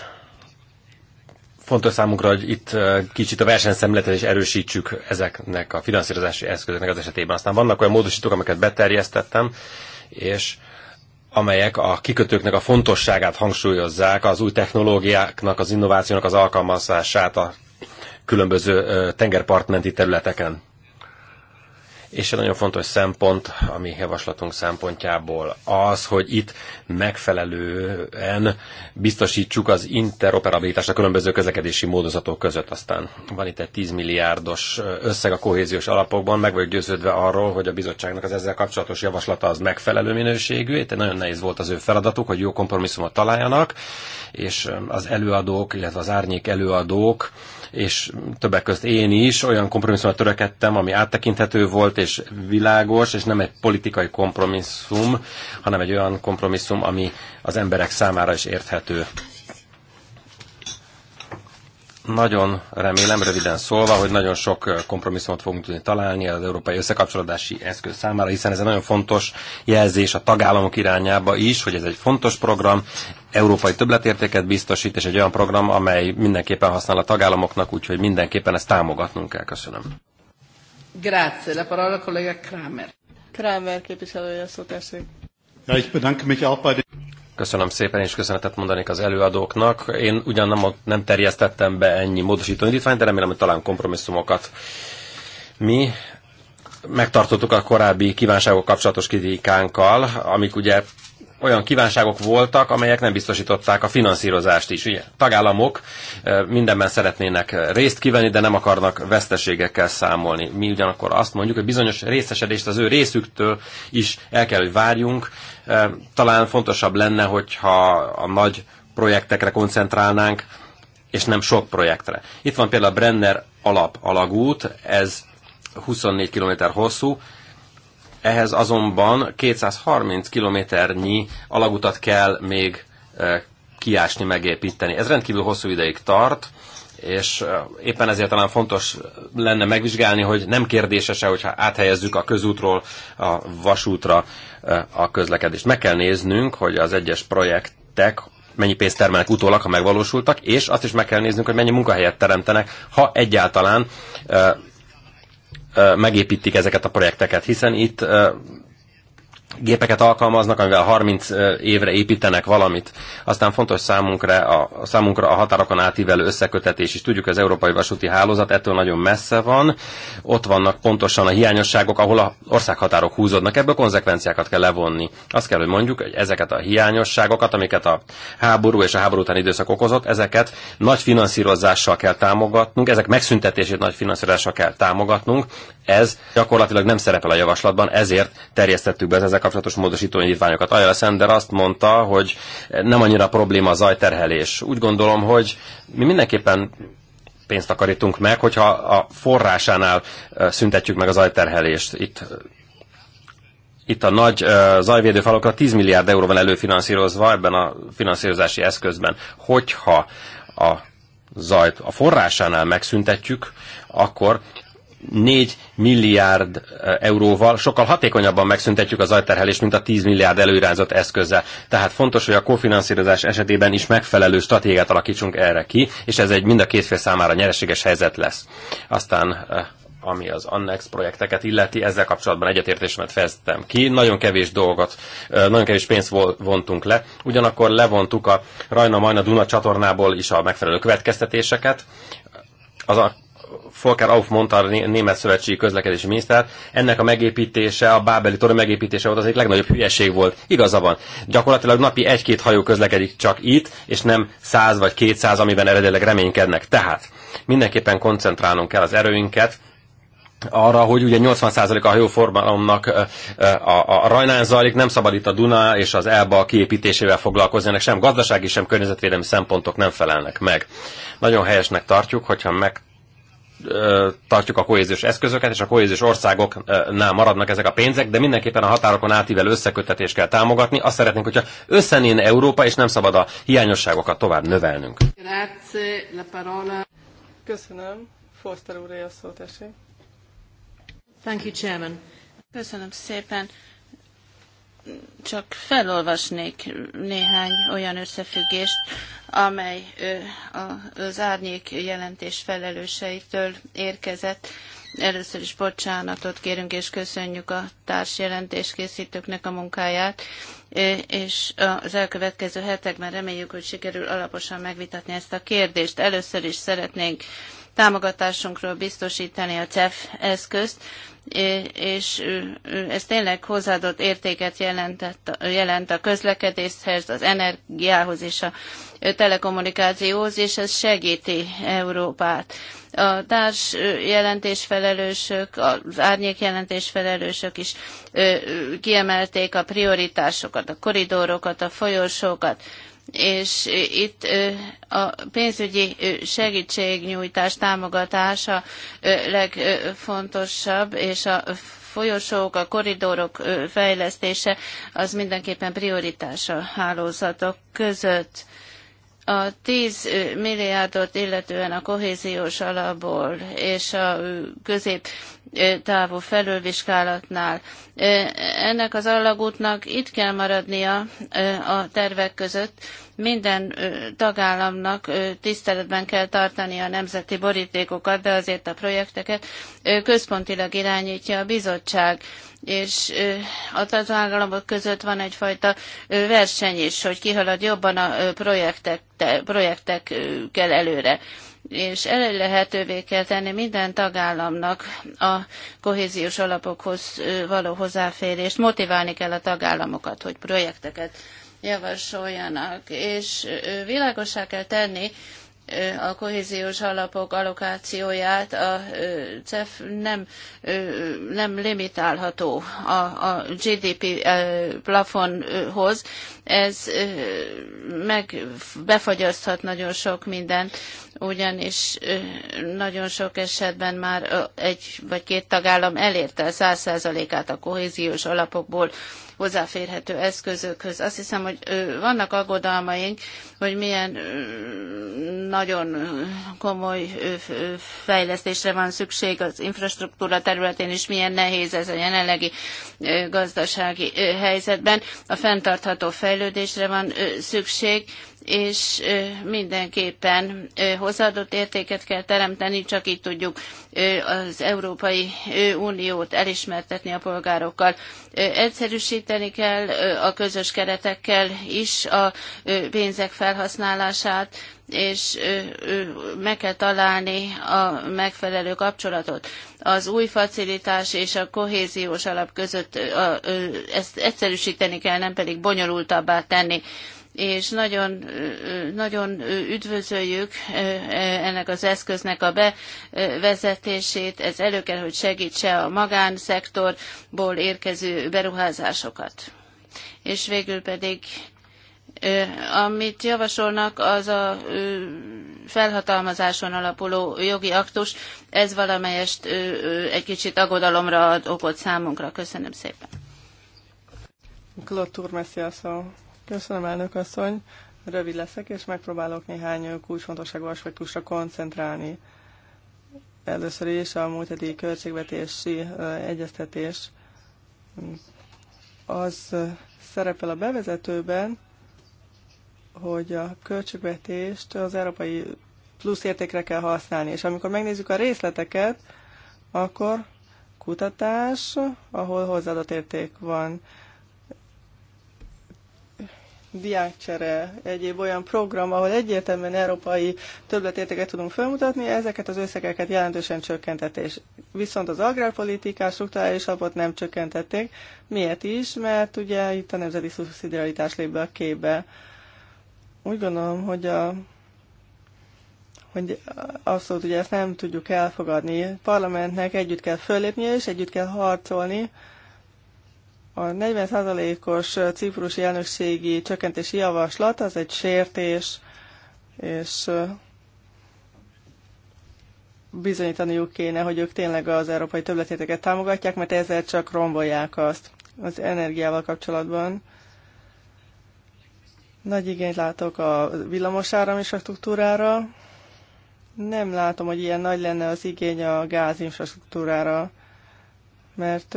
fontos számunkra, hogy itt kicsit a versenyszemletet is erősítsük ezeknek a finanszírozási eszközöknek az esetében. Aztán vannak olyan módosítók, amiket beterjesztettem, és amelyek a kikötőknek a fontosságát hangsúlyozzák, az új technológiáknak, az innovációnak az alkalmazását a különböző tengerpartmenti területeken és egy nagyon fontos szempont ami javaslatunk szempontjából az, hogy itt megfelelően biztosítsuk az interoperabilitást a különböző közlekedési módozatok között. Aztán van itt egy 10 milliárdos összeg a kohéziós alapokban, meg vagyok győződve arról, hogy a bizottságnak az ezzel kapcsolatos javaslata az megfelelő minőségű, itt nagyon nehéz volt az ő feladatuk, hogy jó kompromisszumot találjanak, és az előadók, illetve az árnyék előadók és többek között én is olyan kompromisszumra törekedtem, ami áttekinthető volt és világos, és nem egy politikai kompromisszum, hanem egy olyan kompromisszum, ami az emberek számára is érthető. Nagyon remélem, röviden szólva, hogy nagyon sok kompromisszumot fogunk tudni találni az európai összekapcsolódási eszköz számára, hiszen ez egy nagyon fontos jelzés a tagállamok irányába is, hogy ez egy fontos program, európai többletértéket biztosít, és egy olyan program, amely mindenképpen használ a tagállamoknak, úgyhogy mindenképpen ezt támogatnunk kell. Köszönöm. Grazie. La parola kollega Kramer. Kramer képviselője szó tessék. Ja, ich bedanke mich auch bei Köszönöm szépen, és köszönetet mondanék az előadóknak. Én ugyan nem, nem terjesztettem be ennyi módosító indítványt, de remélem, hogy talán kompromisszumokat. Mi megtartottuk a korábbi kívánságok kapcsolatos kritikánkkal, amik ugye olyan kívánságok voltak, amelyek nem biztosították a finanszírozást is. Ugye, tagállamok mindenben szeretnének részt kivenni, de nem akarnak veszteségekkel számolni. Mi ugyanakkor azt mondjuk, hogy bizonyos részesedést az ő részüktől is el kell, hogy várjunk. Talán fontosabb lenne, hogyha a nagy projektekre koncentrálnánk, és nem sok projektre. Itt van például a Brenner alap alagút, ez 24 km hosszú, ehhez azonban 230 kilométernyi alagutat kell még e, kiásni, megépíteni. Ez rendkívül hosszú ideig tart, és e, éppen ezért talán fontos lenne megvizsgálni, hogy nem kérdésese, hogyha áthelyezzük a közútról a vasútra e, a közlekedést. Meg kell néznünk, hogy az egyes projektek mennyi pénzt termelnek utólag, ha megvalósultak, és azt is meg kell néznünk, hogy mennyi munkahelyet teremtenek, ha egyáltalán megépítik ezeket a projekteket, hiszen itt gépeket alkalmaznak, amivel 30 évre építenek valamit. Aztán fontos számunkra a, számunkra a határokon átívelő összekötetés is. Tudjuk, az európai vasúti hálózat ettől nagyon messze van. Ott vannak pontosan a hiányosságok, ahol a országhatárok húzódnak. Ebből konzekvenciákat kell levonni. Azt kell, hogy mondjuk, hogy ezeket a hiányosságokat, amiket a háború és a háború utáni időszak okozott, ezeket nagy finanszírozással kell támogatnunk, ezek megszüntetését nagy finanszírozással kell támogatnunk. Ez gyakorlatilag nem szerepel a javaslatban, ezért terjesztettük be ezek kapcsolatos módosító indítványokat. Ajala de azt mondta, hogy nem annyira probléma a zajterhelés. Úgy gondolom, hogy mi mindenképpen pénzt takarítunk meg, hogyha a forrásánál szüntetjük meg a zajterhelést. Itt itt a nagy zajvédő falokra 10 milliárd euró van előfinanszírozva ebben a finanszírozási eszközben. Hogyha a zajt a forrásánál megszüntetjük, akkor 4 milliárd euróval sokkal hatékonyabban megszüntetjük az ajterhelést, mint a 10 milliárd előirányzott eszközzel. Tehát fontos, hogy a kofinanszírozás esetében is megfelelő stratégiát alakítsunk erre ki, és ez egy mind a két fél számára nyereséges helyzet lesz. Aztán ami az Annex projekteket illeti, ezzel kapcsolatban egyetértésemet fejeztem ki. Nagyon kevés dolgot, nagyon kevés pénzt vontunk le. Ugyanakkor levontuk a Rajna-Majna-Duna csatornából is a megfelelő következtetéseket. Az a Volker Auf mondta a német szövetségi közlekedési miniszter, ennek a megépítése, a bábeli torony megépítése volt az egyik legnagyobb hülyeség volt. Igaza van. Gyakorlatilag napi egy-két hajó közlekedik csak itt, és nem száz vagy kétszáz, amiben eredetileg reménykednek. Tehát mindenképpen koncentrálnunk kell az erőinket, arra, hogy ugye 80% a hajóforgalomnak a, a rajnán zajlik, nem szabad itt a Duna és az Elba kiépítésével foglalkozni, ennek sem gazdasági, sem környezetvédelmi szempontok nem felelnek meg. Nagyon helyesnek tartjuk, hogyha meg tartjuk a kohéziós eszközöket, és a kohéziós országoknál maradnak ezek a pénzek, de mindenképpen a határokon átívelő összekötetést kell támogatni. Azt szeretnénk, hogyha összenén Európa, és nem szabad a hiányosságokat tovább növelnünk. Köszönöm. Foster úr, a Thank you, Chairman. Köszönöm szépen csak felolvasnék néhány olyan összefüggést, amely az árnyék jelentés felelőseitől érkezett. Először is bocsánatot kérünk és köszönjük a társjelentés készítőknek a munkáját, és az elkövetkező hetekben reméljük, hogy sikerül alaposan megvitatni ezt a kérdést. Először is szeretnénk támogatásunkról biztosítani a CEF eszközt, és ez tényleg hozzáadott értéket jelentett, jelent a közlekedéshez, az energiához és a telekommunikációhoz, és ez segíti Európát. A társ jelentésfelelősök, az árnyék jelentésfelelősök is kiemelték a prioritásokat, a koridorokat, a folyosókat, és itt a pénzügyi segítségnyújtás támogatása legfontosabb, és a folyosók, a koridorok fejlesztése az mindenképpen prioritás a hálózatok között. A 10 milliárdot illetően a kohéziós alapból és a közép távú felülvizsgálatnál. Ennek az alagútnak itt kell maradnia a tervek között. Minden tagállamnak tiszteletben kell tartani a nemzeti borítékokat, de azért a projekteket központilag irányítja a bizottság és a tagállamok között van egyfajta verseny is, hogy kihalad jobban a projektek, projektekkel előre és elő lehetővé kell tenni minden tagállamnak a kohéziós alapokhoz való hozzáférést, motiválni kell a tagállamokat, hogy projekteket javasoljanak, és világosá kell tenni, a kohéziós alapok allokációját a CEF nem, nem limitálható a, a GDP plafonhoz. Ez meg befagyaszthat nagyon sok mindent, ugyanis nagyon sok esetben már egy vagy két tagállam elérte száz százalékát a kohéziós alapokból hozzáférhető eszközökhöz. Azt hiszem, hogy vannak aggodalmaink, hogy milyen nagyon komoly fejlesztésre van szükség az infrastruktúra területén, és milyen nehéz ez a jelenlegi gazdasági helyzetben. A fenntartható fejlődésre van szükség, és mindenképpen hozzáadott értéket kell teremteni, csak így tudjuk az Európai Uniót elismertetni a polgárokkal. Egyszerűsíteni kell a közös keretekkel is a pénzek felhasználását, és meg kell találni a megfelelő kapcsolatot. Az új facilitás és a kohéziós alap között ezt egyszerűsíteni kell, nem pedig bonyolultabbá tenni és nagyon, nagyon üdvözöljük ennek az eszköznek a bevezetését. Ez elő kell, hogy segítse a magánszektorból érkező beruházásokat. És végül pedig amit javasolnak, az a felhatalmazáson alapuló jogi aktus, ez valamelyest egy kicsit aggodalomra ad okot számunkra. Köszönöm szépen. Claude Turmeszi a szó. Köszönöm, elnök asszony. Rövid leszek, és megpróbálok néhány kulcsfontosságú aspektusra koncentrálni. Először is a múlt heti költségvetési egyeztetés az szerepel a bevezetőben, hogy a költségvetést az európai plusz értékre kell használni. És amikor megnézzük a részleteket, akkor kutatás, ahol hozzáadott érték van, diákcsere, egyéb olyan program, ahol egyértelműen európai többletértéket tudunk felmutatni, ezeket az összegeket jelentősen csökkentették. Viszont az agrárpolitikás struktúrális alapot nem csökkentették. Miért is? Mert ugye itt a nemzeti szubszidiaritás lép be a képbe. Úgy gondolom, hogy a hogy abszolút ugye ezt nem tudjuk elfogadni. Parlamentnek együtt kell föllépnie, és együtt kell harcolni a 40%-os ciprusi elnökségi csökkentési javaslat az egy sértés, és bizonyítaniuk kéne, hogy ők tényleg az európai többletéteket támogatják, mert ezzel csak rombolják azt az energiával kapcsolatban. Nagy igényt látok a villamos infrastruktúrára. Nem látom, hogy ilyen nagy lenne az igény a gáz infrastruktúrára, mert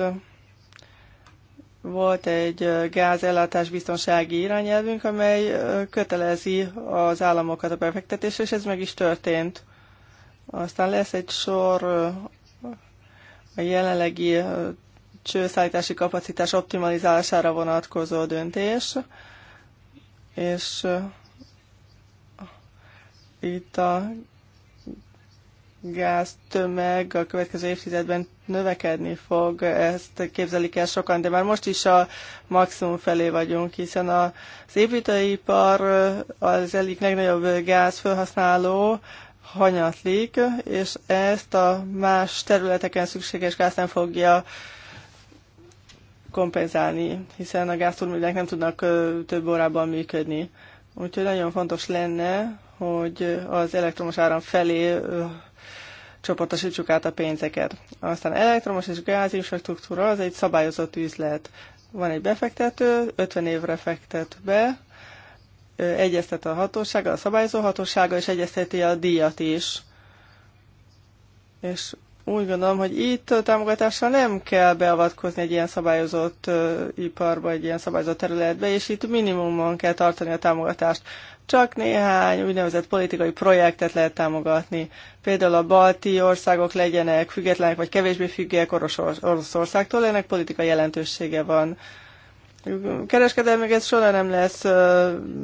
volt egy gázellátás biztonsági irányelvünk, amely kötelezi az államokat a befektetésre, és ez meg is történt. Aztán lesz egy sor a jelenlegi csőszállítási kapacitás optimalizálására vonatkozó döntés, és itt a gáztömeg a következő évtizedben növekedni fog, ezt képzelik el sokan, de már most is a maximum felé vagyunk, hiszen az építőipar az egyik legnagyobb gáz felhasználó, hanyatlik, és ezt a más területeken szükséges gáz nem fogja kompenzálni, hiszen a gázturbinák nem tudnak több órában működni. Úgyhogy nagyon fontos lenne, hogy az elektromos áram felé csoportosítsuk át a pénzeket. Aztán elektromos és gáz infrastruktúra az egy szabályozott üzlet. Van egy befektető, 50 évre fektet be, egyeztet a hatósága, a szabályozó hatósága, és egyezteti a díjat is. És úgy gondolom, hogy itt támogatással nem kell beavatkozni egy ilyen szabályozott iparba, egy ilyen szabályozott területbe, és itt minimumon kell tartani a támogatást. Csak néhány úgynevezett politikai projektet lehet támogatni. Például a balti országok legyenek függetlenek, vagy kevésbé függőek Oroszországtól, ennek politikai jelentősége van kereskedelmi soha nem lesz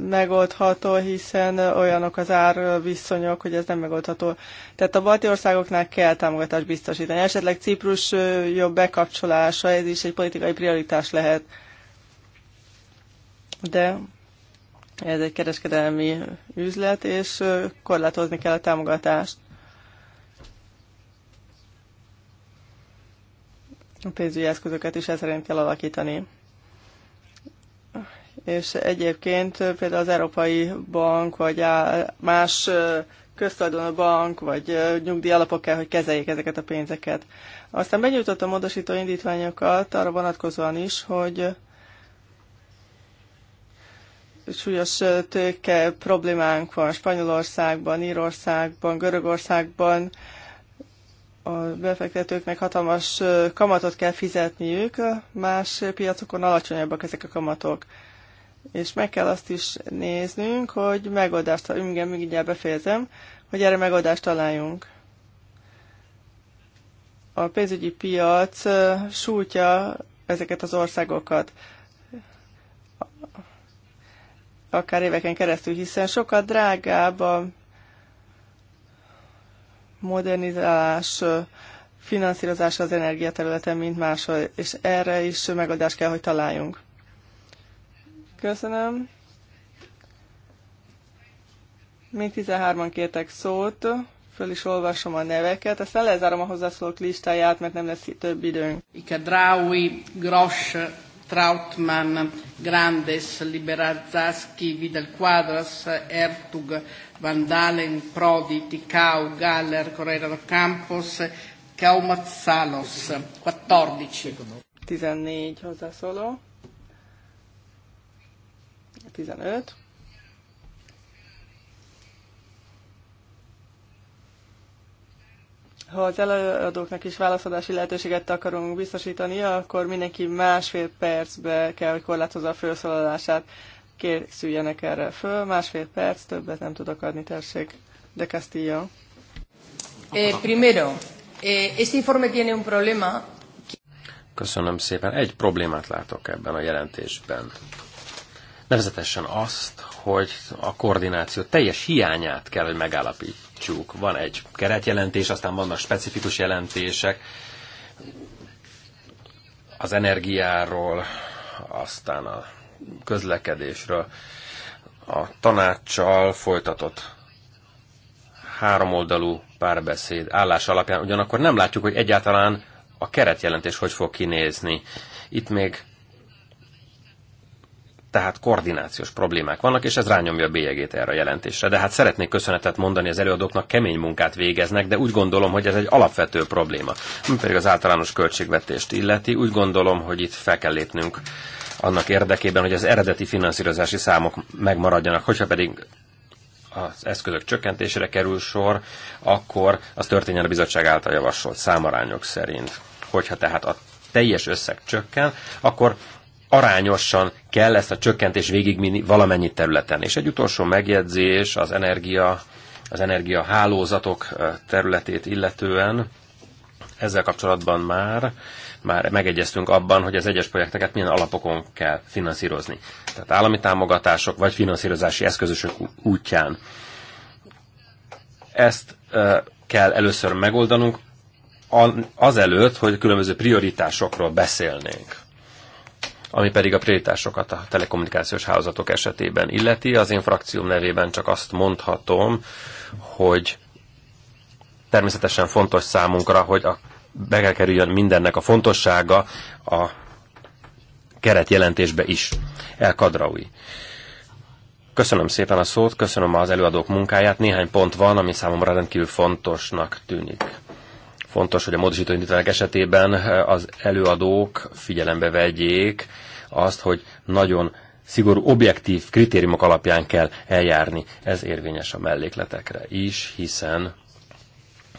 megoldható, hiszen olyanok az árviszonyok, hogy ez nem megoldható. Tehát a balti országoknál kell támogatást biztosítani. Esetleg Ciprus jobb bekapcsolása, ez is egy politikai prioritás lehet. De ez egy kereskedelmi üzlet, és korlátozni kell a támogatást. A pénzügyi eszközöket is ez szerint kell alakítani és egyébként például az Európai Bank, vagy más a bank, vagy nyugdíjalapok kell, hogy kezeljék ezeket a pénzeket. Aztán benyújtottam módosító indítványokat arra vonatkozóan is, hogy súlyos tőke problémánk van Spanyolországban, Írországban, Görögországban, a befektetőknek hatalmas kamatot kell fizetniük, más piacokon alacsonyabbak ezek a kamatok és meg kell azt is néznünk, hogy megoldást, igen, mindjárt befejezem, hogy erre megoldást találjunk. A pénzügyi piac sújtja ezeket az országokat akár éveken keresztül, hiszen sokkal drágább a modernizálás, finanszírozása az energiaterületen, mint máshol, és erre is megoldást kell, hogy találjunk. Köszönöm. Még 13-an kértek szót, föl is olvasom a neveket, aztán lezárom a hozzászólók listáját, mert nem lesz több időnk. Draui, Grosch, Trautmann, Grandes, Liberazzaski, Vidal Quadras, Ertug, Vandalen, Prodi, Ticau, Galler, Correa do Campos, Kaumazzalos. 14. 14 hozzászóló. 15. Ha az előadóknak is válaszadási lehetőséget akarunk biztosítani, akkor mindenki másfél percbe kell, hogy korlátozza a felszólalását. Készüljenek erre föl, másfél perc, többet nem tudok adni, tessék. De Castillo. Eh, primero, eh, este informe tiene un problema Köszönöm szépen. Egy problémát látok ebben a jelentésben. Nevezetesen azt, hogy a koordináció teljes hiányát kell, hogy megállapítsuk. Van egy keretjelentés, aztán vannak specifikus jelentések az energiáról, aztán a közlekedésről, a tanácssal folytatott háromoldalú párbeszéd állás alapján, ugyanakkor nem látjuk, hogy egyáltalán a keretjelentés hogy fog kinézni. Itt még tehát koordinációs problémák vannak, és ez rányomja a bélyegét erre a jelentésre. De hát szeretnék köszönetet mondani az előadóknak, kemény munkát végeznek, de úgy gondolom, hogy ez egy alapvető probléma. Mi pedig az általános költségvetést illeti, úgy gondolom, hogy itt fel kell lépnünk annak érdekében, hogy az eredeti finanszírozási számok megmaradjanak, hogyha pedig az eszközök csökkentésére kerül sor, akkor az történjen a bizottság által javasolt számarányok szerint. Hogyha tehát a teljes összeg csökken, akkor arányosan kell ezt a csökkentés végig valamennyi területen. És egy utolsó megjegyzés az energia, az energia hálózatok területét illetően. Ezzel kapcsolatban már, már megegyeztünk abban, hogy az egyes projekteket milyen alapokon kell finanszírozni. Tehát állami támogatások vagy finanszírozási eszközösök útján. Ezt kell először megoldanunk, azelőtt, hogy különböző prioritásokról beszélnénk ami pedig a prioritásokat a telekommunikációs hálózatok esetében illeti, az én frakcióm nevében csak azt mondhatom, hogy természetesen fontos számunkra, hogy a bekerüljön mindennek a fontossága a keretjelentésbe is. El Kadraui. Köszönöm szépen a szót, köszönöm az előadók munkáját. Néhány pont van, ami számomra rendkívül fontosnak tűnik. Fontos, hogy a módosító indítványok esetében eh, az előadók figyelembe vegyék azt, hogy nagyon szigorú objektív kritériumok alapján kell eljárni. Ez érvényes a mellékletekre is, hiszen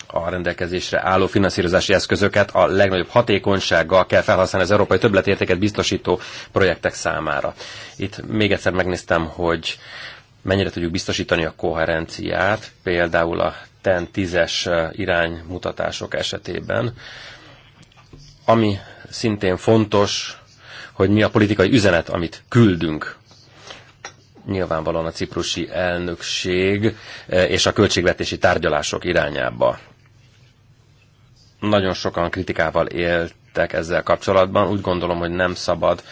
a rendelkezésre álló finanszírozási eszközöket a legnagyobb hatékonysággal kell felhasználni az európai többletértéket biztosító projektek számára. Itt még egyszer megnéztem, hogy mennyire tudjuk biztosítani a koherenciát, például a ten 10-es eh, iránymutatások esetében, ami szintén fontos, hogy mi a politikai üzenet, amit küldünk. Nyilvánvalóan a ciprusi elnökség eh, és a költségvetési tárgyalások irányába. Nagyon sokan kritikával éltek ezzel kapcsolatban. Úgy gondolom, hogy nem szabad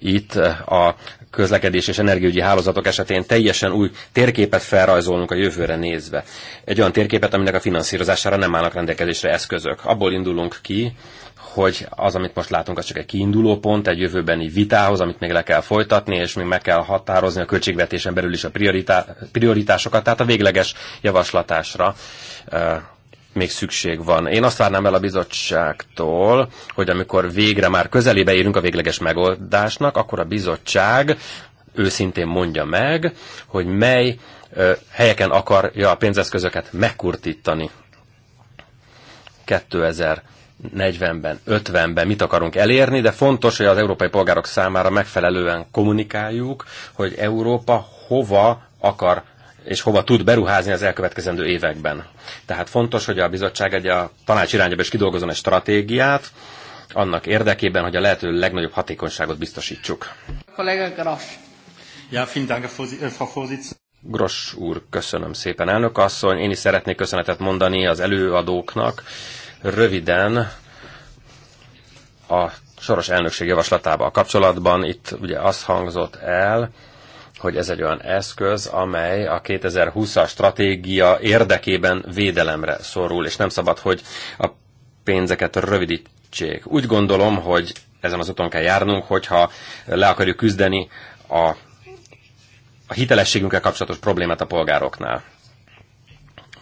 itt eh, a közlekedés és energiaügyi hálózatok esetén teljesen új térképet felrajzolunk a jövőre nézve. Egy olyan térképet, aminek a finanszírozására nem állnak rendelkezésre eszközök. Abból indulunk ki, hogy az, amit most látunk, az csak egy kiinduló pont, egy jövőbeni vitához, amit még le kell folytatni, és még meg kell határozni a költségvetésen belül is a prioritá- prioritásokat, tehát a végleges javaslatásra eh, még szükség van. Én azt várnám el a bizottságtól, hogy amikor végre már közelébe érünk a végleges megoldásnak, akkor a bizottság őszintén mondja meg, hogy mely ö, helyeken akarja a pénzeszközöket megkurtítani. 2040-ben, 50-ben mit akarunk elérni, de fontos, hogy az európai polgárok számára megfelelően kommunikáljuk, hogy Európa hova akar és hova tud beruházni az elkövetkezendő években. Tehát fontos, hogy a bizottság egy a tanács irányába is kidolgozon egy stratégiát, annak érdekében, hogy a lehető legnagyobb hatékonyságot biztosítsuk. Kollega Gross. Ja, vielen Dank, äh, Frau Vorsitzende. Gross úr, köszönöm szépen, elnök asszony. Én is szeretnék köszönetet mondani az előadóknak. Röviden a soros elnökség javaslatával kapcsolatban itt ugye az hangzott el, hogy ez egy olyan eszköz, amely a 2020-as stratégia érdekében védelemre szorul, és nem szabad, hogy a pénzeket rövidítsék. Úgy gondolom, hogy ezen az úton kell járnunk, hogyha le akarjuk küzdeni a, a hitelességünkkel kapcsolatos problémát a polgároknál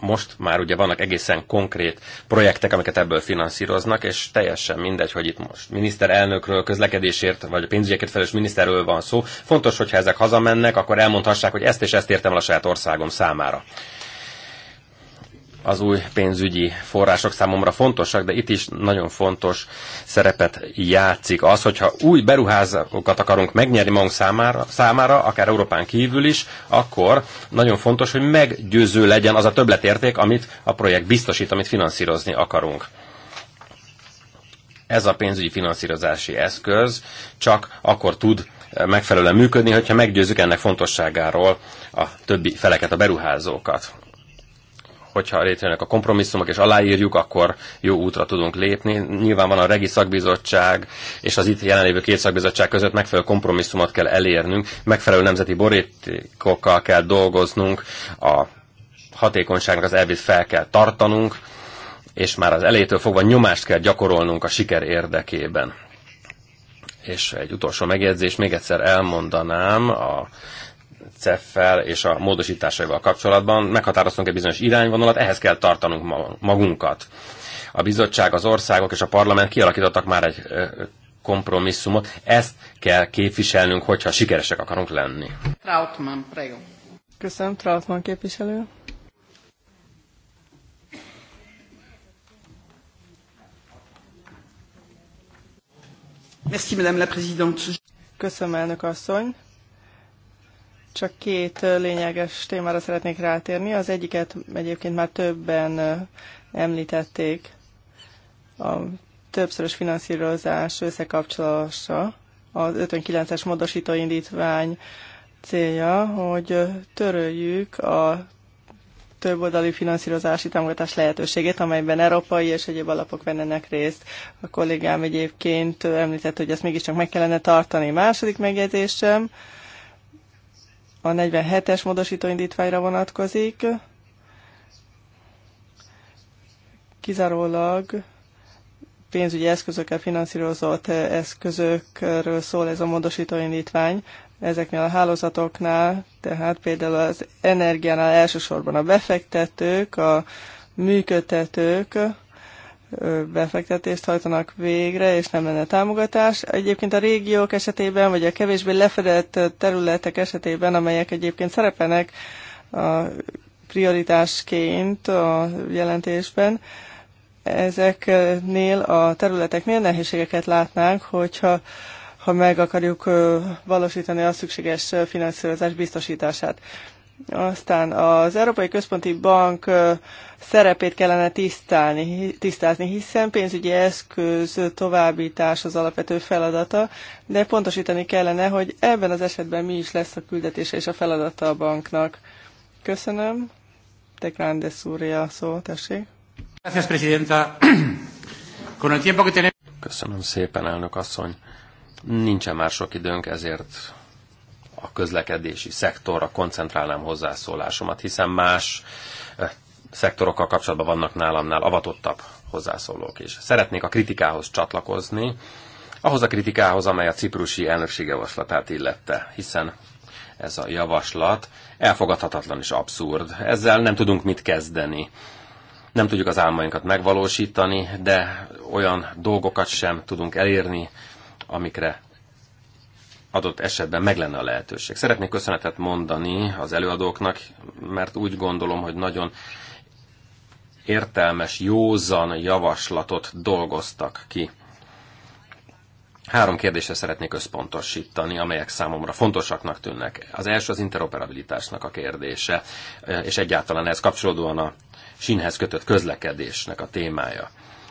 most már ugye vannak egészen konkrét projektek, amiket ebből finanszíroznak, és teljesen mindegy, hogy itt most miniszterelnökről, közlekedésért, vagy a pénzügyeket felelős miniszterről van szó. Fontos, hogyha ezek hazamennek, akkor elmondhassák, hogy ezt és ezt értem el a saját országom számára az új pénzügyi források számomra fontosak, de itt is nagyon fontos szerepet játszik az, hogyha új beruházókat akarunk megnyerni magunk számára, számára, akár Európán kívül is, akkor nagyon fontos, hogy meggyőző legyen az a többletérték, amit a projekt biztosít, amit finanszírozni akarunk ez a pénzügyi finanszírozási eszköz csak akkor tud megfelelően működni, hogyha meggyőzzük ennek fontosságáról a többi feleket, a beruházókat hogyha létrejönnek a kompromisszumok, és aláírjuk, akkor jó útra tudunk lépni. Nyilván van a Regi Szakbizottság és az itt jelenlévő két szakbizottság között megfelelő kompromisszumot kell elérnünk, megfelelő nemzeti borítékokkal kell dolgoznunk, a hatékonyságnak az elvét fel kell tartanunk, és már az elétől fogva nyomást kell gyakorolnunk a siker érdekében. És egy utolsó megjegyzés, még egyszer elmondanám a CEF-fel és a módosításaival kapcsolatban meghatároztunk egy bizonyos irányvonalat, ehhez kell tartanunk magunkat. A bizottság, az országok és a parlament kialakítottak már egy kompromisszumot, ezt kell képviselnünk, hogyha sikeresek akarunk lenni. Trautmann, prego. Köszönöm, Trautmann képviselő. Merci, Madame la Présidente. Köszönöm, elnök asszony. Csak két lényeges témára szeretnék rátérni. Az egyiket egyébként már többen említették, a többszörös finanszírozás összekapcsolása. Az 59-es módosítóindítvány indítvány célja, hogy töröljük a többoldalú finanszírozási támogatás lehetőségét, amelyben európai és egyéb alapok vennenek részt. A kollégám egyébként említett, hogy ezt mégiscsak meg kellene tartani. Második megjegyzésem, a 47-es módosítóindítványra indítványra vonatkozik. Kizárólag pénzügyi eszközökkel finanszírozott eszközökről szól ez a módosítóindítvány. indítvány. Ezeknél a hálózatoknál, tehát például az energiánál elsősorban a befektetők, a működtetők, befektetést hajtanak végre, és nem lenne támogatás. Egyébként a régiók esetében, vagy a kevésbé lefedett területek esetében, amelyek egyébként szerepelnek a prioritásként a jelentésben, ezeknél a területeknél nehézségeket látnánk, hogyha ha meg akarjuk valósítani a szükséges finanszírozás biztosítását. Aztán az Európai Központi Bank szerepét kellene tisztálni, tisztázni, hiszen pénzügyi eszköz továbbítás az alapvető feladata, de pontosítani kellene, hogy ebben az esetben mi is lesz a küldetése és a feladata a banknak. Köszönöm. Te grande úrja szó, tessék. Köszönöm szépen, elnök asszony. Nincsen már sok időnk, ezért a közlekedési szektorra koncentrálnám hozzászólásomat, hiszen más szektorokkal kapcsolatban vannak nálamnál avatottabb hozzászólók is. Szeretnék a kritikához csatlakozni, ahhoz a kritikához, amely a ciprusi elnökség javaslatát illette, hiszen ez a javaslat elfogadhatatlan és abszurd. Ezzel nem tudunk mit kezdeni. Nem tudjuk az álmainkat megvalósítani, de olyan dolgokat sem tudunk elérni, amikre adott esetben meg lenne a lehetőség. Szeretnék köszönetet mondani az előadóknak, mert úgy gondolom, hogy nagyon értelmes, józan javaslatot dolgoztak ki. Három kérdésre szeretnék összpontosítani, amelyek számomra fontosaknak tűnnek. Az első az interoperabilitásnak a kérdése, és egyáltalán ez kapcsolódóan a sinhez kötött közlekedésnek a témája.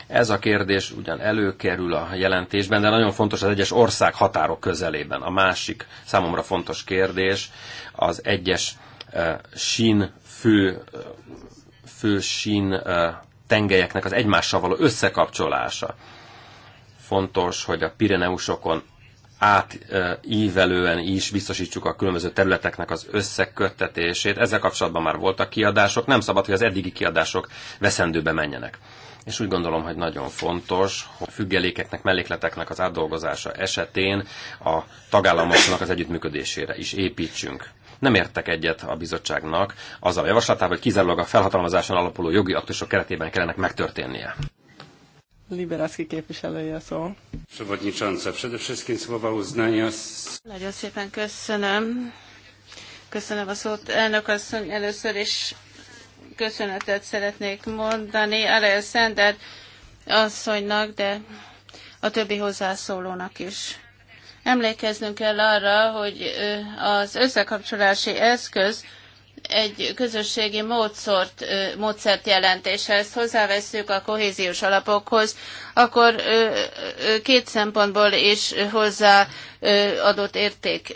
Ez a kérdés ugyan előkerül a jelentésben, de nagyon fontos az egyes ország határok közelében. A másik számomra fontos kérdés az egyes uh, sín fő, uh, fő sin uh, eh, tengelyeknek az egymással való összekapcsolása. Fontos, hogy a Pireneusokon átívelően is biztosítsuk a különböző területeknek az összeköttetését. Ezzel kapcsolatban már voltak kiadások, nem szabad, hogy az eddigi kiadások veszendőbe menjenek és úgy gondolom, hogy nagyon fontos, hogy függelékeknek, mellékleteknek az átdolgozása esetén a tagállamoknak az együttműködésére is építsünk. Nem értek egyet a bizottságnak azzal a javaslatával, hogy kizárólag a felhatalmazáson alapuló jogi aktusok keretében kellene megtörténnie. Liberaszki képviselője a szó. Szabadnyi przede wszystkim szóba uznania. Nagyon szépen köszönöm. Köszönöm a szót, elnök asszony. Először is köszönetet szeretnék mondani Ariel Szender asszonynak, de a többi hozzászólónak is. Emlékeznünk kell arra, hogy az összekapcsolási eszköz egy közösségi módszort, módszert jelent, és ha ezt hozzáveszünk a kohéziós alapokhoz, akkor két szempontból is hozzá adott érték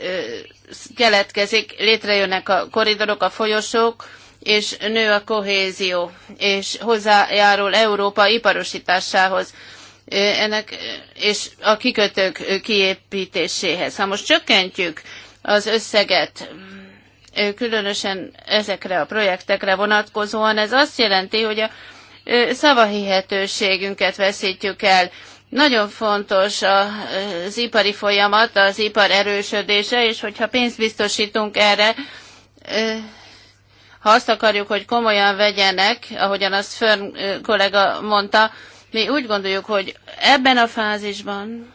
keletkezik, létrejönnek a koridorok, a folyosók, és nő a kohézió, és hozzájárul Európa iparosításához ennek, és a kikötők kiépítéséhez. Ha most csökkentjük az összeget, különösen ezekre a projektekre vonatkozóan, ez azt jelenti, hogy a szavahihetőségünket veszítjük el. Nagyon fontos az ipari folyamat, az ipar erősödése, és hogyha pénzt biztosítunk erre, ha azt akarjuk, hogy komolyan vegyenek, ahogyan azt Fern kollega mondta, mi úgy gondoljuk, hogy ebben a fázisban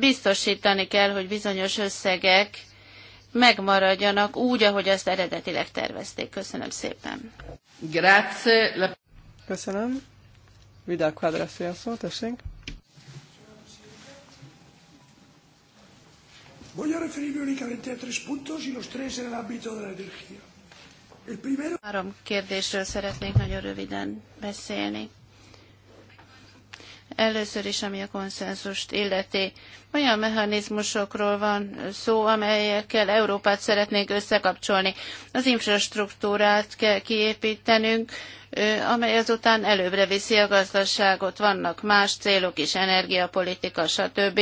biztosítani kell, hogy bizonyos összegek megmaradjanak úgy, ahogy azt eredetileg tervezték. Köszönöm szépen. Grazie. Köszönöm. Vidal Quadra, szó, tessék. Voy a referirme únicamente a tres puntos y los tres en el ámbito de la energía. El primero... Három kérdésről szeretnék nagyon röviden beszélni. Először is, ami a konszenzust illeti. Olyan mechanizmusokról van szó, amelyekkel Európát szeretnénk összekapcsolni. Az infrastruktúrát kell kiépítenünk, amely azután előbbre viszi a gazdaságot. Vannak más célok is, energiapolitika, stb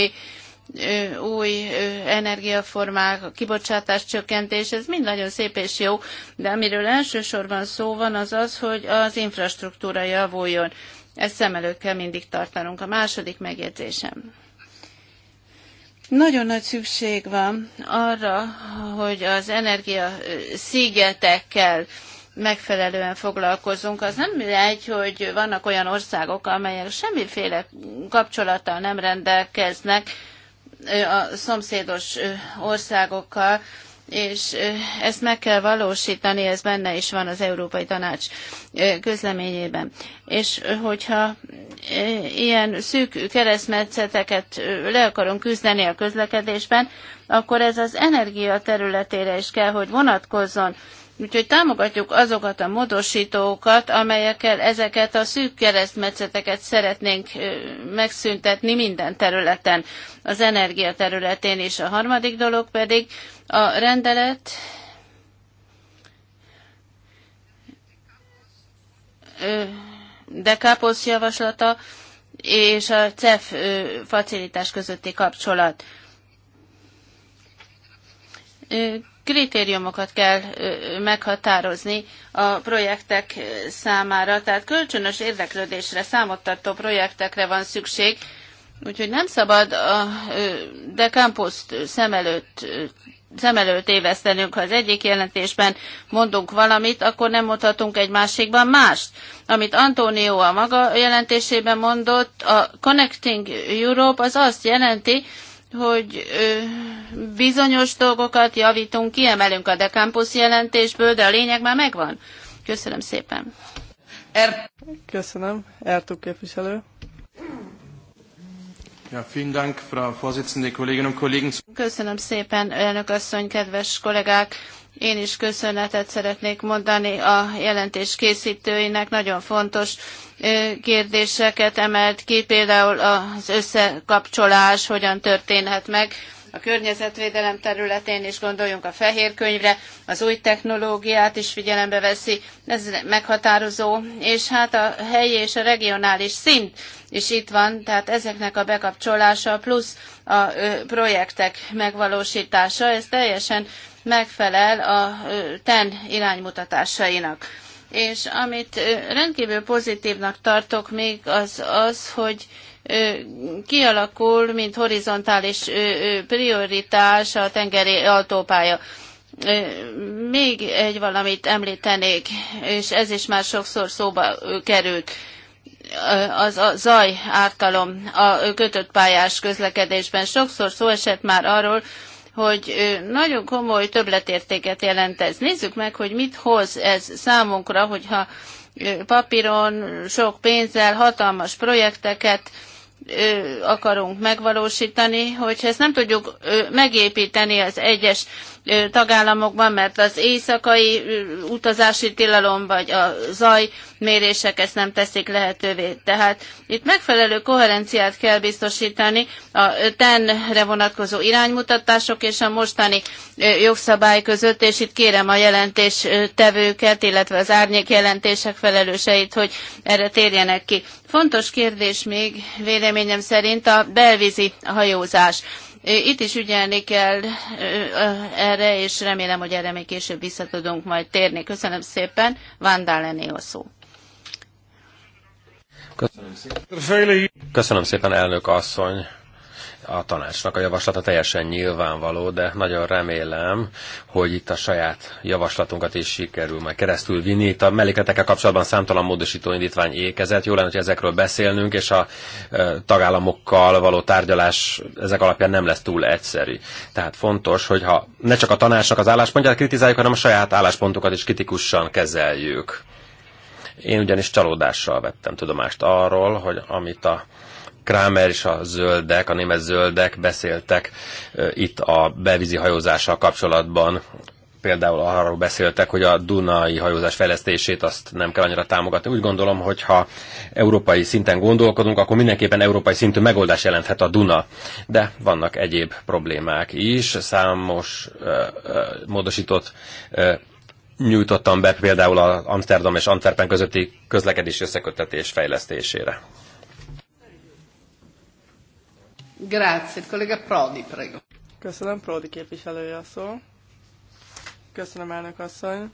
új energiaformák, kibocsátás csökkentés, ez mind nagyon szép és jó, de amiről elsősorban szó van az az, hogy az infrastruktúra javuljon. Ezt szem előtt kell mindig tartanunk. A második megjegyzésem. Nagyon nagy szükség van arra, hogy az energia szigetekkel megfelelően foglalkozunk. Az nem egy, hogy vannak olyan országok, amelyek semmiféle kapcsolattal nem rendelkeznek a szomszédos országokkal, és ezt meg kell valósítani, ez benne is van az Európai Tanács közleményében. És hogyha ilyen szűk keresztmetszeteket le akarunk küzdeni a közlekedésben, akkor ez az energia területére is kell, hogy vonatkozzon Úgyhogy támogatjuk azokat a módosítókat, amelyekkel ezeket a szűk keresztmetszeteket szeretnénk megszüntetni minden területen, az energia területén is. A harmadik dolog pedig a rendelet de Káposz javaslata és a CEF facilitás közötti kapcsolat kritériumokat kell meghatározni a projektek számára, tehát kölcsönös érdeklődésre, számottartó projektekre van szükség, úgyhogy nem szabad a De Campus-t szem előtt szem előtt évesztenünk, ha az egyik jelentésben mondunk valamit, akkor nem mondhatunk egy másikban mást. Amit Antonio a maga jelentésében mondott, a Connecting Europe az azt jelenti, hogy bizonyos dolgokat javítunk, kiemelünk a Decampus jelentésből, de a lényeg már megvan. Köszönöm szépen. Er Köszönöm, Ertug képviselő. Ja, vielen Dank, Frau Vorsitzende, Kolleginnen und Kollegen. Köszönöm szépen, elnök asszony, kedves kollégák. Én is köszönetet szeretnék mondani a jelentés készítőinek. Nagyon fontos kérdéseket emelt ki, például az összekapcsolás hogyan történhet meg a környezetvédelem területén is, gondoljunk a fehér könyvre, az új technológiát is figyelembe veszi, ez meghatározó, és hát a helyi és a regionális szint is itt van, tehát ezeknek a bekapcsolása plusz a projektek megvalósítása, ez teljesen megfelel a TEN iránymutatásainak. És amit rendkívül pozitívnak tartok még az az, hogy kialakul, mint horizontális prioritás a tengeri autópálya. Még egy valamit említenék, és ez is már sokszor szóba került az a zaj ártalom a kötött pályás közlekedésben. Sokszor szó esett már arról, hogy nagyon komoly többletértéket jelent ez. Nézzük meg, hogy mit hoz ez számunkra, hogyha papíron sok pénzzel hatalmas projekteket akarunk megvalósítani, hogyha ezt nem tudjuk megépíteni az egyes tagállamokban, mert az éjszakai utazási tilalom vagy a zaj ezt nem teszik lehetővé. Tehát itt megfelelő koherenciát kell biztosítani a tenre vonatkozó iránymutatások és a mostani jogszabály között, és itt kérem a jelentéstevőket, illetve az árnyék jelentések felelőseit, hogy erre térjenek ki. Fontos kérdés még véleményem szerint a belvízi hajózás. Itt is ügyelni kell erre, és remélem, hogy erre még később vissza tudunk majd térni. Köszönöm szépen, Vandál lenné a szó. Köszönöm szépen. Köszönöm szépen, elnök asszony a tanácsnak a javaslata teljesen nyilvánvaló, de nagyon remélem, hogy itt a saját javaslatunkat is sikerül majd keresztül vinni. Itt a mellékletekkel kapcsolatban számtalan módosító indítvány ékezett. Jó lenne, hogy ezekről beszélnünk, és a tagállamokkal való tárgyalás ezek alapján nem lesz túl egyszerű. Tehát fontos, hogy ha ne csak a tanácsnak az álláspontját kritizáljuk, hanem a saját álláspontokat is kritikusan kezeljük. Én ugyanis csalódással vettem tudomást arról, hogy amit a Kramer és a zöldek, a német zöldek beszéltek itt a bevízi hajózással kapcsolatban. Például arról beszéltek, hogy a Dunai hajózás fejlesztését azt nem kell annyira támogatni. Úgy gondolom, hogy ha európai szinten gondolkodunk, akkor mindenképpen európai szintű megoldás jelenthet a Duna. De vannak egyéb problémák is. Számos ö, ö, módosított ö, nyújtottam be például az Amsterdam és Antwerpen közötti közlekedési összekötetés fejlesztésére. Grazie. Kollega Prodi, prego. Köszönöm, Prodi képviselője a szó. Köszönöm, elnök asszony.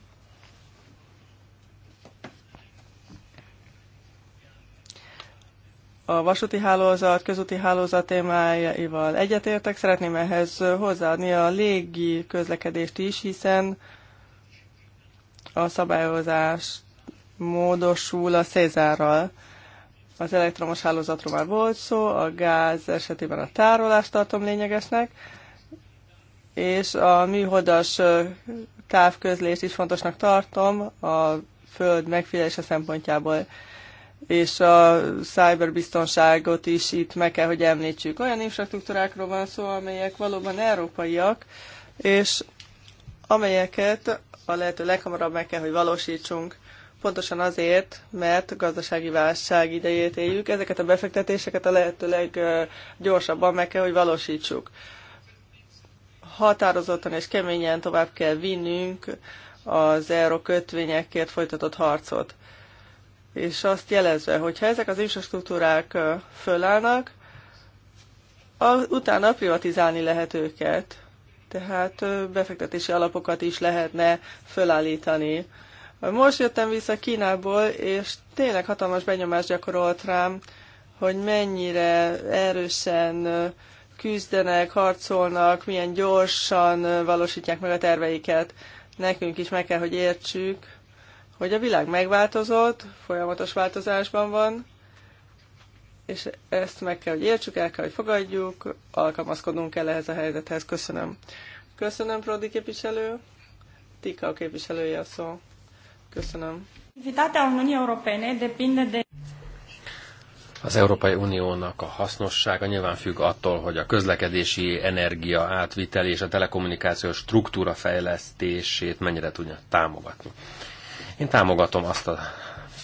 a vasúti hálózat, közúti hálózat témáival egyetértek. Szeretném ehhez hozzáadni a légi közlekedést is, hiszen a szabályozás módosul a Cézárral. Az elektromos hálózatról már volt szó, a gáz esetében a tárolást tartom lényegesnek, és a műholdas távközlést is fontosnak tartom a Föld megfigyelése szempontjából és a cyberbiztonságot is itt meg kell, hogy említsük. Olyan infrastruktúrákról van szó, amelyek valóban európaiak, és amelyeket a lehető leghamarabb meg kell, hogy valósítsunk pontosan azért, mert gazdasági válság idejét éljük, ezeket a befektetéseket a lehetőleg gyorsabban meg kell, hogy valósítsuk. Határozottan és keményen tovább kell vinnünk az euró kötvényekért folytatott harcot. És azt jelezve, hogy ha ezek az infrastruktúrák fölállnak, utána privatizálni lehet őket. Tehát befektetési alapokat is lehetne fölállítani most jöttem vissza Kínából, és tényleg hatalmas benyomást gyakorolt rám, hogy mennyire erősen küzdenek, harcolnak, milyen gyorsan valósítják meg a terveiket. Nekünk is meg kell, hogy értsük, hogy a világ megváltozott, folyamatos változásban van, és ezt meg kell, hogy értsük, el kell, hogy fogadjuk, alkalmazkodnunk kell ehhez a helyzethez. Köszönöm. Köszönöm, Prodi képviselő. Tika a képviselője a szó. Köszönöm. Az Európai Uniónak a hasznossága nyilván függ attól, hogy a közlekedési energia átvitel és a telekommunikációs struktúra fejlesztését mennyire tudja támogatni. Én támogatom azt a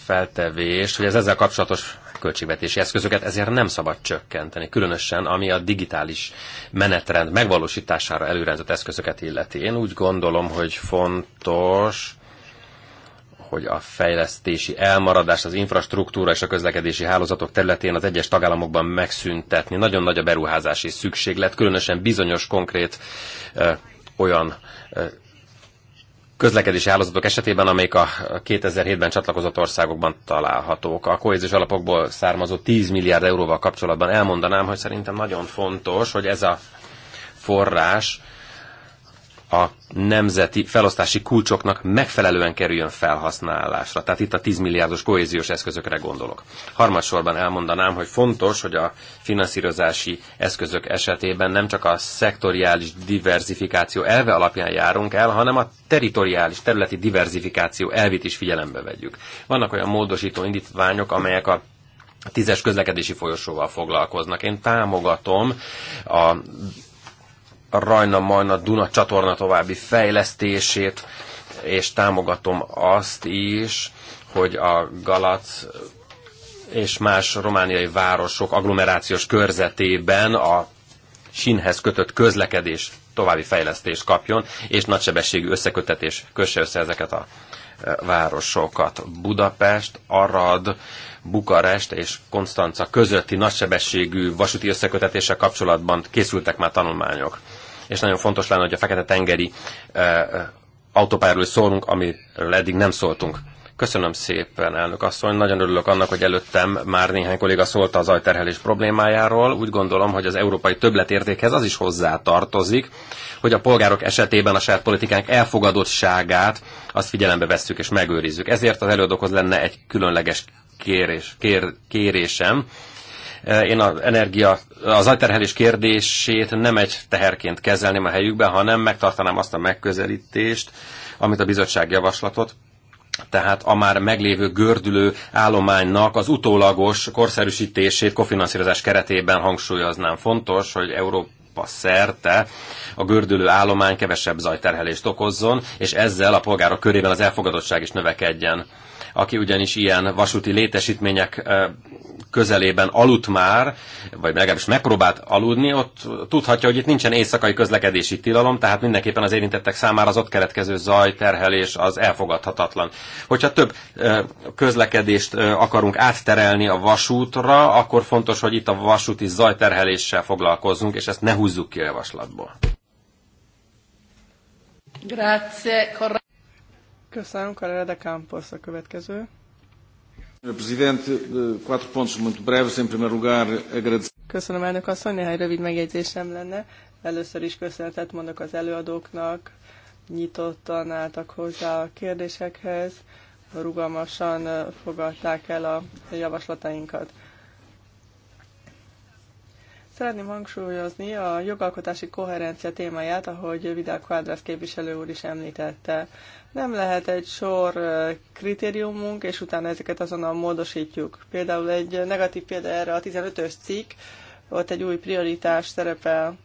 feltevést, hogy az ezzel kapcsolatos költségvetési eszközöket ezért nem szabad csökkenteni, különösen ami a digitális menetrend megvalósítására előrendezett eszközöket illeti. Én úgy gondolom, hogy fontos, hogy a fejlesztési elmaradás, az infrastruktúra és a közlekedési hálózatok területén az egyes tagállamokban megszüntetni. Nagyon nagy a beruházási szükséglet, különösen bizonyos konkrét ö, olyan ö, közlekedési hálózatok esetében, amelyek a 2007-ben csatlakozott országokban találhatók. A kohéziós alapokból származó 10 milliárd euróval kapcsolatban elmondanám, hogy szerintem nagyon fontos, hogy ez a forrás a nemzeti felosztási kulcsoknak megfelelően kerüljön felhasználásra. Tehát itt a 10 milliárdos kohéziós eszközökre gondolok. Harmadsorban elmondanám, hogy fontos, hogy a finanszírozási eszközök esetében nem csak a szektoriális diversifikáció elve alapján járunk el, hanem a teritoriális területi diversifikáció elvét is figyelembe vegyük. Vannak olyan módosító indítványok, amelyek a tízes közlekedési folyosóval foglalkoznak. Én támogatom a Rajna-Majna Duna csatorna további fejlesztését, és támogatom azt is, hogy a Galac és más romániai városok agglomerációs körzetében a sinhez kötött közlekedés további fejlesztést kapjon, és nagysebességű összekötetés kösse össze ezeket a e, városokat. Budapest, Arad, Bukarest és Konstanca közötti nagysebességű vasúti összekötetése kapcsolatban készültek már tanulmányok és nagyon fontos lenne, hogy a Fekete-tengeri autópályáról is szólunk, amiről eddig nem szóltunk. Köszönöm szépen, elnök asszony. Nagyon örülök annak, hogy előttem már néhány kolléga szólt az ajterhelés problémájáról. Úgy gondolom, hogy az európai többletértékhez az is hozzá tartozik, hogy a polgárok esetében a saját politikánk elfogadottságát azt figyelembe vesszük és megőrizzük. Ezért az előadókhoz lenne egy különleges kérés, kér, kérésem, én az energia, az agyterhelés kérdését nem egy teherként kezelném a helyükben, hanem megtartanám azt a megközelítést, amit a bizottság javaslatot tehát a már meglévő gördülő állománynak az utólagos korszerűsítését kofinanszírozás keretében hangsúlyoznám. Fontos, hogy Európa szerte a gördülő állomány kevesebb zajterhelést okozzon, és ezzel a polgárok körében az elfogadottság is növekedjen. Aki ugyanis ilyen vasúti létesítmények közelében aludt már, vagy legalábbis megpróbált aludni, ott tudhatja, hogy itt nincsen éjszakai közlekedési tilalom, tehát mindenképpen az érintettek számára az ott keletkező zaj, terhelés az elfogadhatatlan. Hogyha több közlekedést akarunk átterelni a vasútra, akkor fontos, hogy itt a vasúti zajterheléssel foglalkozzunk, és ezt ne húzzuk ki a javaslatból. Grazie. Köszönöm, Karel de Campos a következő. Köszönöm, elnök asszony, néhány rövid megjegyzésem lenne. Először is köszönetet mondok az előadóknak, nyitottan álltak hozzá a kérdésekhez, rugalmasan fogadták el a javaslatainkat. Szeretném hangsúlyozni a jogalkotási koherencia témáját, ahogy Vidal Quadras képviselő úr is említette. Nem lehet egy sor kritériumunk, és utána ezeket azonnal módosítjuk. Például egy negatív példa erre a 15-ös cikk, ott egy új prioritás szerepel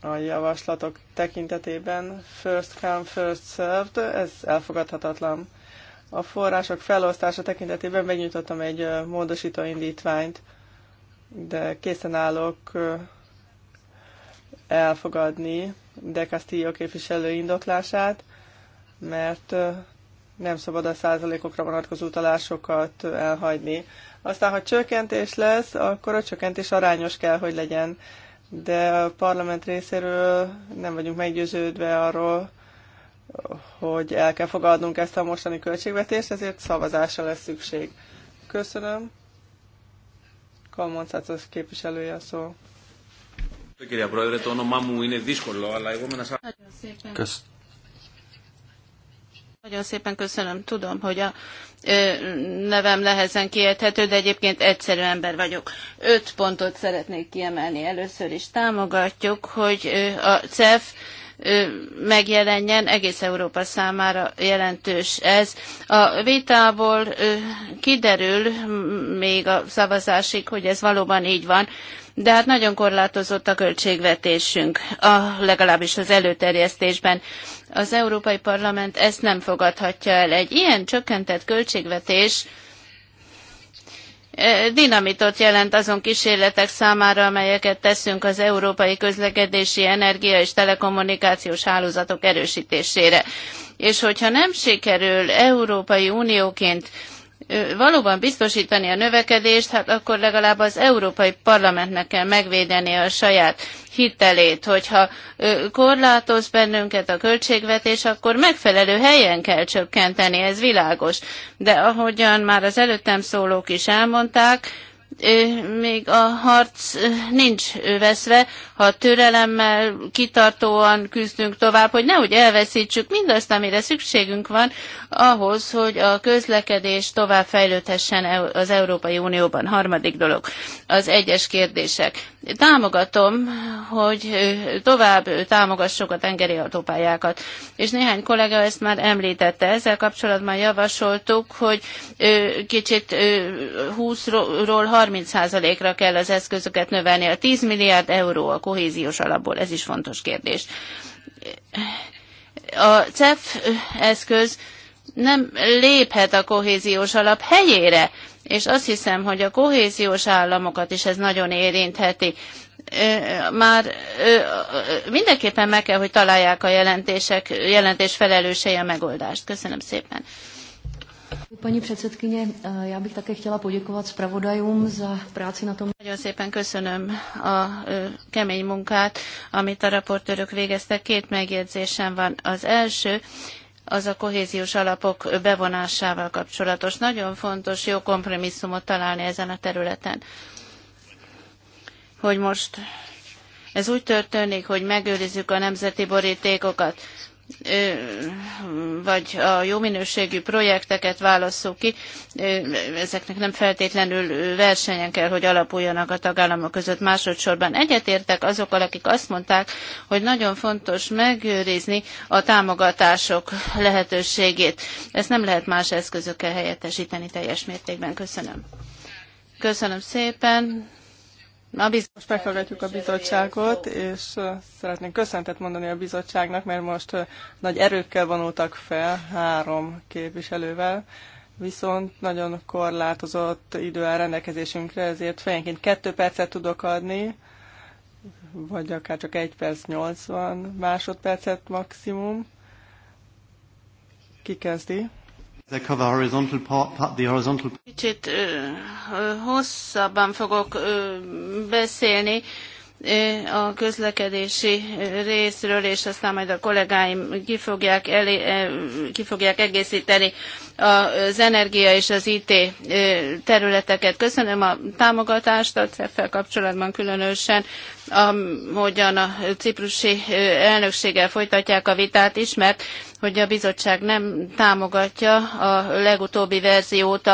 a javaslatok tekintetében. First come, first served, ez elfogadhatatlan. A források felosztása tekintetében megnyitottam egy módosító indítványt, de készen állok elfogadni De Castillo képviselő indoklását, mert nem szabad a százalékokra vonatkozó utalásokat elhagyni. Aztán, ha csökkentés lesz, akkor a csökkentés arányos kell, hogy legyen. De a parlament részéről nem vagyunk meggyőződve arról, hogy el kell fogadnunk ezt a mostani költségvetést, ezért szavazásra lesz szükség. Köszönöm. Kalmoncácos képviselője a szó. Köszönöm. Nagyon szépen köszönöm. Tudom, hogy a nevem lehezen kiejthető, de egyébként egyszerű ember vagyok. Öt pontot szeretnék kiemelni. Először is támogatjuk, hogy a CEF megjelenjen, egész Európa számára jelentős ez. A vitából kiderül még a szavazásig, hogy ez valóban így van, de hát nagyon korlátozott a költségvetésünk, a, legalábbis az előterjesztésben. Az Európai Parlament ezt nem fogadhatja el. Egy ilyen csökkentett költségvetés e, dinamitot jelent azon kísérletek számára, amelyeket teszünk az európai közlekedési, energia és telekommunikációs hálózatok erősítésére. És hogyha nem sikerül Európai Unióként valóban biztosítani a növekedést, hát akkor legalább az Európai Parlamentnek kell megvédeni a saját hitelét, hogyha korlátoz bennünket a költségvetés, akkor megfelelő helyen kell csökkenteni, ez világos. De ahogyan már az előttem szólók is elmondták, még a harc nincs veszve, ha türelemmel, kitartóan küzdünk tovább, hogy nehogy elveszítsük mindazt, amire szükségünk van ahhoz, hogy a közlekedés tovább fejlődhessen e- az Európai Unióban. Harmadik dolog, az egyes kérdések. Támogatom, hogy tovább támogassuk a tengeri autópályákat. És néhány kollega ezt már említette. Ezzel kapcsolatban javasoltuk, hogy kicsit 20-ról 30%-ra kell az eszközöket növelni, a 10 milliárd euró a kohéziós alapból, ez is fontos kérdés. A CEF eszköz nem léphet a kohéziós alap helyére, és azt hiszem, hogy a kohéziós államokat is ez nagyon érintheti már mindenképpen meg kell, hogy találják a jelentések, jelentés felelősei a megoldást. Köszönöm szépen. Pani předsedkyně, eh, já bych také chtěla poděkovat zpravodajům za práci na tom. Nagyon szépen köszönöm a eh, kemény munkát, amit a raportőrök végeztek. Két megjegyzésem van. Az első, az a kohéziós alapok bevonásával kapcsolatos. Nagyon fontos jó kompromisszumot találni ezen a területen. Hogy most ez úgy történik, hogy megőrizzük a nemzeti borítékokat, vagy a jó minőségű projekteket válasszuk ki, ezeknek nem feltétlenül versenyen kell, hogy alapuljanak a tagállamok között másodszorban. Egyetértek azokkal, akik azt mondták, hogy nagyon fontos megőrizni a támogatások lehetőségét. Ezt nem lehet más eszközökkel helyettesíteni teljes mértékben. Köszönöm. Köszönöm szépen. Na, Most meghallgatjuk a bizottságot, és szeretnék köszöntet mondani a bizottságnak, mert most nagy erőkkel vonultak fel, három képviselővel, viszont nagyon korlátozott idő áll rendelkezésünkre, ezért fejenként kettő percet tudok adni, vagy akár csak egy perc 80 másodpercet maximum. Ki kezdi? Kicsit hosszabban fogok beszélni a közlekedési részről, és aztán majd a kollégáim ki fogják, elé, ki fogják egészíteni az energia és az IT területeket. Köszönöm a támogatást a cef kapcsolatban különösen, ahogyan a ciprusi elnökséggel folytatják a vitát is, mert hogy a bizottság nem támogatja a legutóbbi verziót,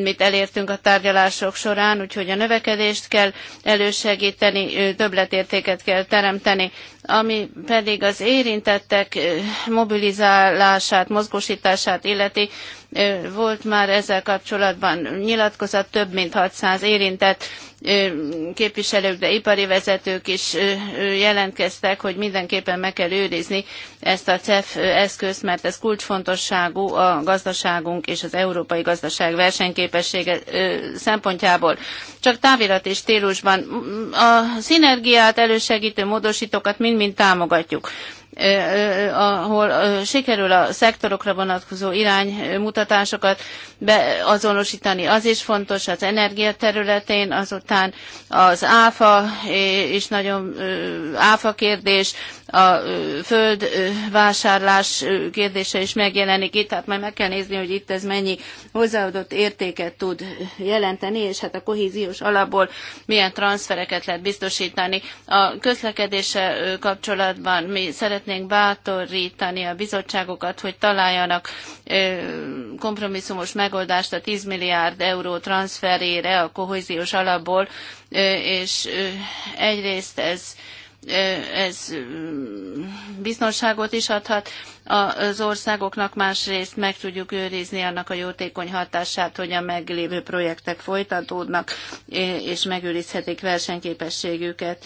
amit elértünk a tárgyalások során, úgyhogy a növekedést kell elősegíteni, többletértéket kell teremteni, ami pedig az érintettek mobilizálását, mozgósítását illeti, volt már ezzel kapcsolatban nyilatkozat, több mint 600 érintett képviselők, de ipari vezetők is jelentkeztek, hogy mindenképpen meg kell őrizni ezt a CEF eszközt, mert ez kulcsfontosságú a gazdaságunk és az európai gazdaság versenyképessége szempontjából. Csak távirat és stílusban a szinergiát elősegítő módosítókat mind-mind támogatjuk ahol sikerül a szektorokra vonatkozó iránymutatásokat beazonosítani. Az is fontos az energia területén, azután az áfa és nagyon áfa kérdés, a földvásárlás kérdése is megjelenik itt, tehát majd meg kell nézni, hogy itt ez mennyi hozzáadott értéket tud jelenteni, és hát a kohéziós alapból milyen transfereket lehet biztosítani. A közlekedése kapcsolatban mi szeretnénk bátorítani a bizottságokat, hogy találjanak kompromisszumos megoldást a 10 milliárd euró transferére a kohéziós alapból, és egyrészt ez ez biztonságot is adhat az országoknak, másrészt meg tudjuk őrizni annak a jótékony hatását, hogy a meglévő projektek folytatódnak, és megőrizhetik versenyképességüket.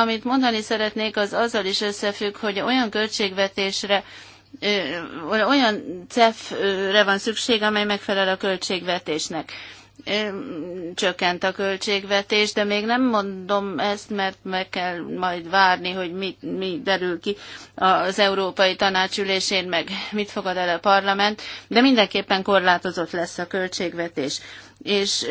Amit mondani szeretnék, az azzal is összefügg, hogy olyan költségvetésre, olyan CEF-re van szükség, amely megfelel a költségvetésnek csökkent a költségvetés, de még nem mondom ezt, mert meg kell majd várni, hogy mi, mi derül ki az Európai Tanácsülésén, meg mit fogad el a parlament, de mindenképpen korlátozott lesz a költségvetés és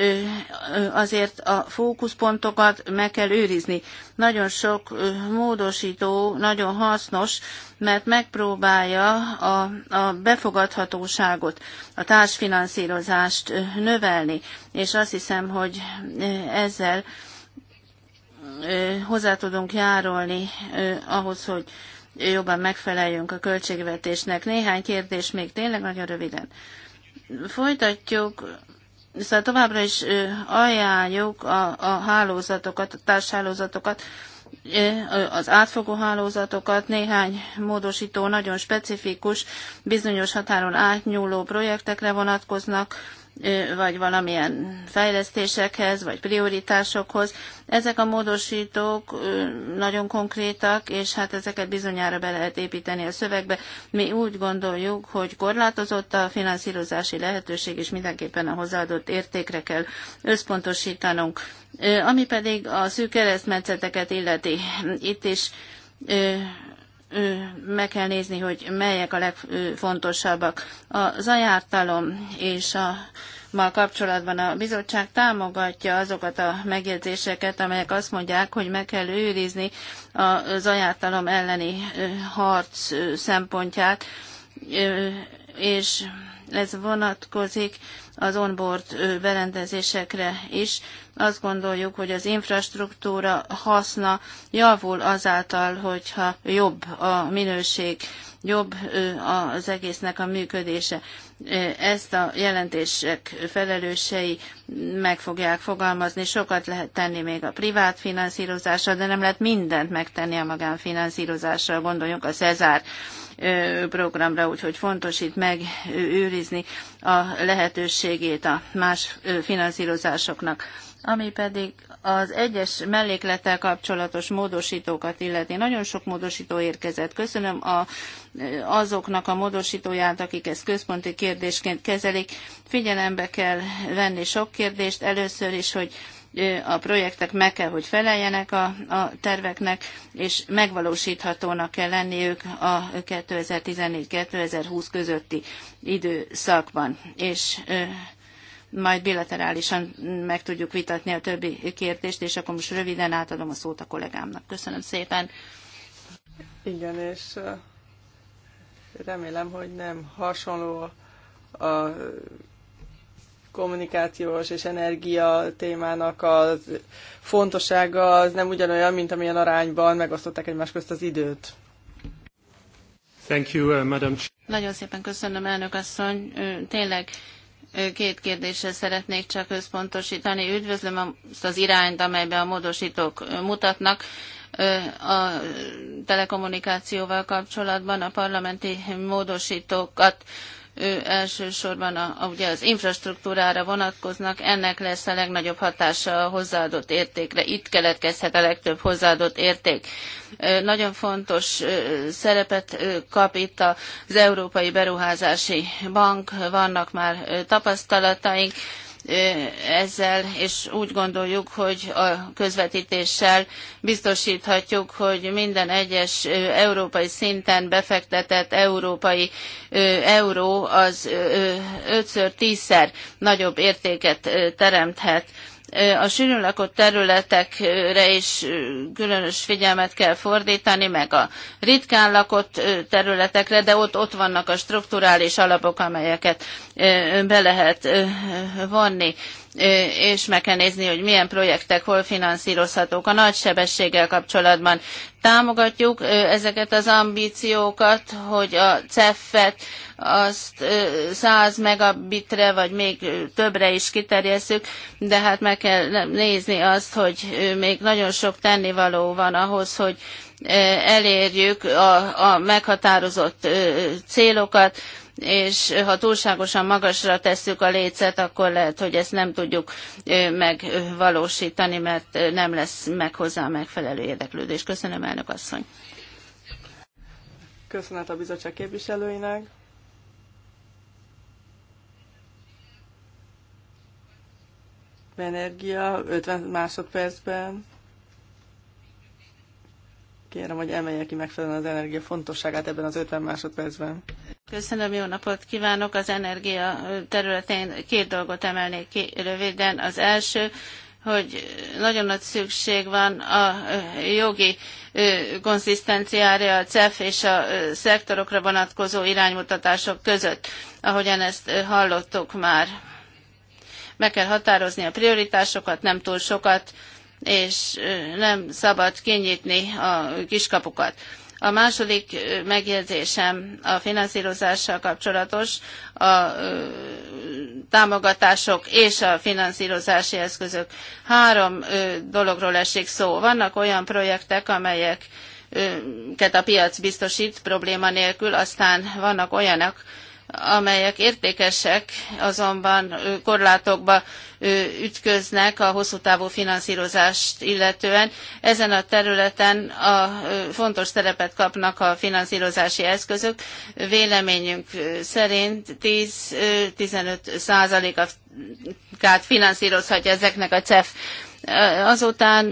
azért a fókuszpontokat meg kell őrizni. Nagyon sok módosító, nagyon hasznos, mert megpróbálja a, a befogadhatóságot, a társfinanszírozást növelni, és azt hiszem, hogy ezzel hozzá tudunk járulni ahhoz, hogy jobban megfeleljünk a költségvetésnek. Néhány kérdés még tényleg nagyon röviden. Folytatjuk Szóval továbbra is ajánljuk a, a hálózatokat, a társhálózatokat, az átfogó hálózatokat, néhány módosító nagyon specifikus, bizonyos határon átnyúló projektekre vonatkoznak, vagy valamilyen fejlesztésekhez, vagy prioritásokhoz. Ezek a módosítók nagyon konkrétak, és hát ezeket bizonyára be lehet építeni a szövegbe. Mi úgy gondoljuk, hogy korlátozott a finanszírozási lehetőség, és mindenképpen a hozzáadott értékre kell összpontosítanunk. Ami pedig a szűk keresztmetszeteket illeti, itt is meg kell nézni, hogy melyek a legfontosabbak. A zajártalom és a Ma kapcsolatban a bizottság támogatja azokat a megjegyzéseket, amelyek azt mondják, hogy meg kell őrizni a zajártalom elleni harc szempontját, és ez vonatkozik az onboard berendezésekre is. Azt gondoljuk, hogy az infrastruktúra haszna javul azáltal, hogyha jobb a minőség, jobb az egésznek a működése. Ezt a jelentések felelősei meg fogják fogalmazni. Sokat lehet tenni még a privát finanszírozásra, de nem lehet mindent megtenni a magánfinanszírozással. Gondoljunk a Cezár programra, úgyhogy fontos itt megőrizni a lehetőségét a más finanszírozásoknak ami pedig az egyes melléklettel kapcsolatos módosítókat illeti. Nagyon sok módosító érkezett. Köszönöm a, azoknak a módosítóját, akik ezt központi kérdésként kezelik. Figyelembe kell venni sok kérdést. Először is, hogy a projektek meg kell, hogy feleljenek a, a terveknek, és megvalósíthatónak kell lenniük a 2014-2020 közötti időszakban. És majd bilaterálisan meg tudjuk vitatni a többi kérdést, és akkor most röviden átadom a szót a kollégámnak. Köszönöm szépen. Igen, és remélem, hogy nem hasonló a kommunikációs és energia témának a fontossága az nem ugyanolyan, mint amilyen arányban megosztották egymás közt az időt. Thank you, uh, Madam. Nagyon szépen köszönöm, elnök asszony. Tényleg két kérdésre szeretnék csak összpontosítani. Üdvözlöm azt az irányt, amelybe a módosítók mutatnak a telekommunikációval kapcsolatban a parlamenti módosítókat elsősorban a, a, ugye az infrastruktúrára vonatkoznak, ennek lesz a legnagyobb hatása a hozzáadott értékre. Itt keletkezhet a legtöbb hozzáadott érték. Nagyon fontos szerepet kap itt az Európai Beruházási Bank, vannak már tapasztalataink, ezzel, és úgy gondoljuk, hogy a közvetítéssel biztosíthatjuk, hogy minden egyes európai szinten befektetett európai euró az ötször, tízszer nagyobb értéket teremthet a sűrűn lakott területekre is különös figyelmet kell fordítani, meg a ritkán lakott területekre, de ott, ott vannak a strukturális alapok, amelyeket be lehet vonni és meg kell nézni, hogy milyen projektek hol finanszírozhatók. A nagy sebességgel kapcsolatban támogatjuk ezeket az ambíciókat, hogy a CEF-et azt 100 megabitre, vagy még többre is kiterjesszük, de hát meg kell nézni azt, hogy még nagyon sok tennivaló van ahhoz, hogy elérjük a, a meghatározott célokat, és ha túlságosan magasra tesszük a lécet, akkor lehet, hogy ezt nem tudjuk megvalósítani, mert nem lesz meg hozzá megfelelő érdeklődés. Köszönöm, elnök asszony. Köszönet a bizottság képviselőinek. Energia 50 másodpercben kérem, hogy emelje ki megfelelően az energia fontosságát ebben az 50 másodpercben. Köszönöm, jó napot kívánok! Az energia területén két dolgot emelnék ki röviden. Az első, hogy nagyon nagy szükség van a jogi konzisztenciára a CEF és a szektorokra vonatkozó iránymutatások között, ahogyan ezt hallottuk már. Meg kell határozni a prioritásokat, nem túl sokat, és nem szabad kinyitni a kiskapukat. A második megjegyzésem a finanszírozással kapcsolatos, a támogatások és a finanszírozási eszközök. Három dologról esik szó. Vannak olyan projektek, amelyeket a piac biztosít probléma nélkül, aztán vannak olyanok, amelyek értékesek, azonban korlátokba ütköznek a hosszú távú finanszírozást illetően. Ezen a területen a fontos szerepet kapnak a finanszírozási eszközök. Véleményünk szerint 10-15 százalékát finanszírozhatja ezeknek a CEF azután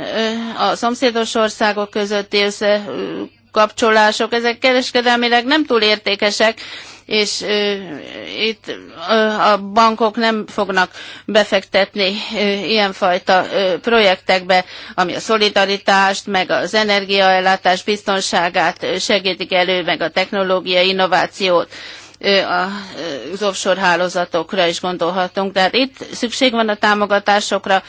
a szomszédos országok közötti összekapcsolások, ezek kereskedelmileg nem túl értékesek, és itt a bankok nem fognak befektetni ilyenfajta projektekbe, ami a szolidaritást, meg az energiaellátás biztonságát segítik elő, meg a technológiai innovációt az offshore hálózatokra is gondolhatunk. Tehát itt szükség van a támogatásokra,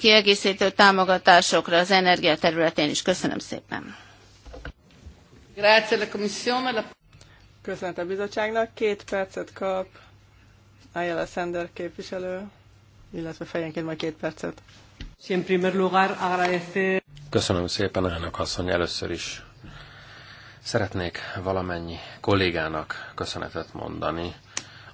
kiegészítő támogatásokra az energia területén is. Köszönöm szépen. Köszönet a bizottságnak. Két percet kap Ayala Sender képviselő, illetve fejenként majd két percet. Köszönöm szépen, elnök asszony, először is szeretnék valamennyi kollégának köszönetet mondani.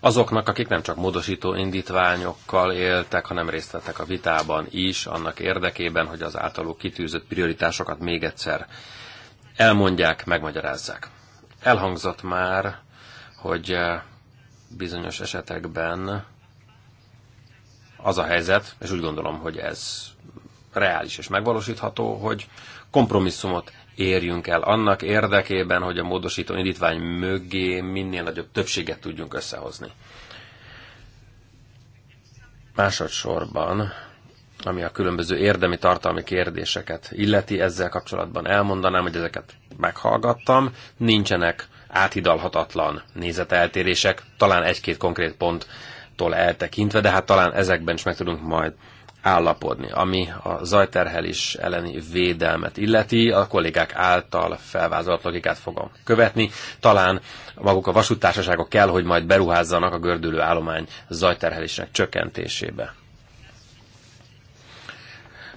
Azoknak, akik nem csak módosító indítványokkal éltek, hanem részt vettek a vitában is, annak érdekében, hogy az általuk kitűzött prioritásokat még egyszer elmondják, megmagyarázzák. Elhangzott már, hogy eh, bizonyos esetekben az a helyzet, és úgy gondolom, hogy ez reális és megvalósítható, hogy kompromisszumot érjünk el annak érdekében, hogy a módosító indítvány mögé minél nagyobb többséget tudjunk összehozni. Másodszorban ami a különböző érdemi tartalmi kérdéseket illeti, ezzel kapcsolatban elmondanám, hogy ezeket meghallgattam, nincsenek áthidalhatatlan nézeteltérések, talán egy-két konkrét ponttól eltekintve, de hát talán ezekben is meg tudunk majd állapodni. Ami a zajterhelés elleni védelmet illeti, a kollégák által felvázolt logikát fogom követni. Talán maguk a vasúttársaságok kell, hogy majd beruházzanak a gördülő állomány zajterhelésnek csökkentésébe.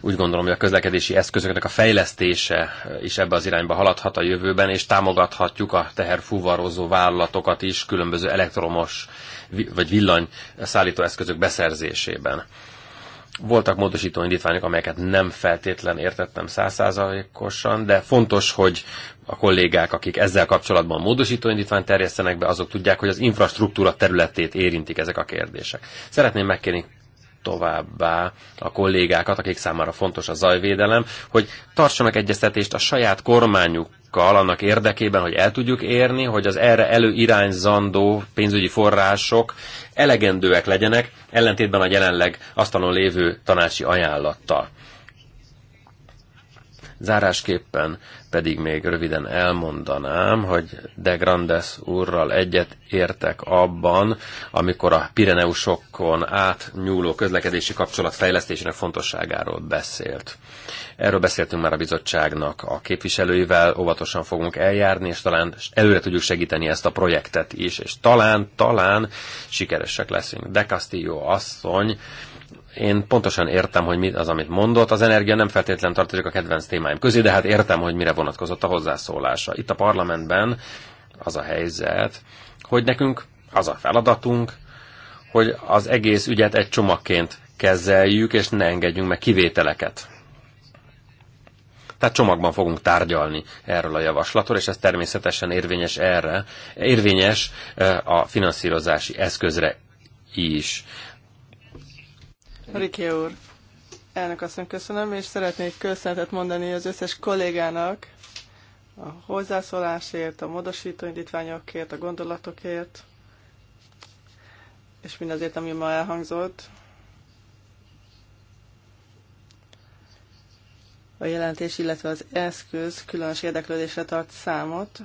Úgy gondolom, hogy a közlekedési eszközöknek a fejlesztése eh, is ebbe az irányba haladhat a jövőben, és támogathatjuk a teherfúvarozó vállalatokat is különböző elektromos vagy villany szállító eszközök beszerzésében. Voltak módosító indítványok, amelyeket nem feltétlen értettem százszázalékosan, de fontos, hogy a kollégák, akik ezzel kapcsolatban módosító indítványt terjesztenek be, azok tudják, hogy az infrastruktúra területét érintik ezek a kérdések. Szeretném megkérni továbbá a kollégákat, akik számára fontos a zajvédelem, hogy tartsanak egyeztetést a saját kormányukkal annak érdekében, hogy el tudjuk érni, hogy az erre előirányzandó pénzügyi források elegendőek legyenek, ellentétben a jelenleg asztalon lévő tanácsi ajánlattal. Zárásképpen pedig még röviden elmondanám, hogy De Grandes úrral egyet értek abban, amikor a Pireneusokon átnyúló közlekedési kapcsolat fejlesztésének fontosságáról beszélt. Erről beszéltünk már a bizottságnak a képviselőivel, óvatosan fogunk eljárni, és talán előre tudjuk segíteni ezt a projektet is, és talán, talán sikeresek leszünk. De Castillo asszony, én pontosan értem, hogy mi az, amit mondott. Az energia nem feltétlenül tartozik a kedvenc témáim közé, de hát értem, hogy mire vonatkozott a hozzászólása. Itt a parlamentben az a helyzet, hogy nekünk az a feladatunk, hogy az egész ügyet egy csomagként kezeljük, és ne engedjünk meg kivételeket. Tehát csomagban fogunk tárgyalni erről a javaslatról, és ez természetesen érvényes erre, érvényes eh, a finanszírozási eszközre is. Riké úr, elnök asszony köszönöm, és szeretnék köszönetet mondani az összes kollégának a hozzászólásért, a módosító indítványokért, a gondolatokért, és mindazért, ami ma elhangzott. A jelentés, illetve az eszköz különös érdeklődésre tart számot,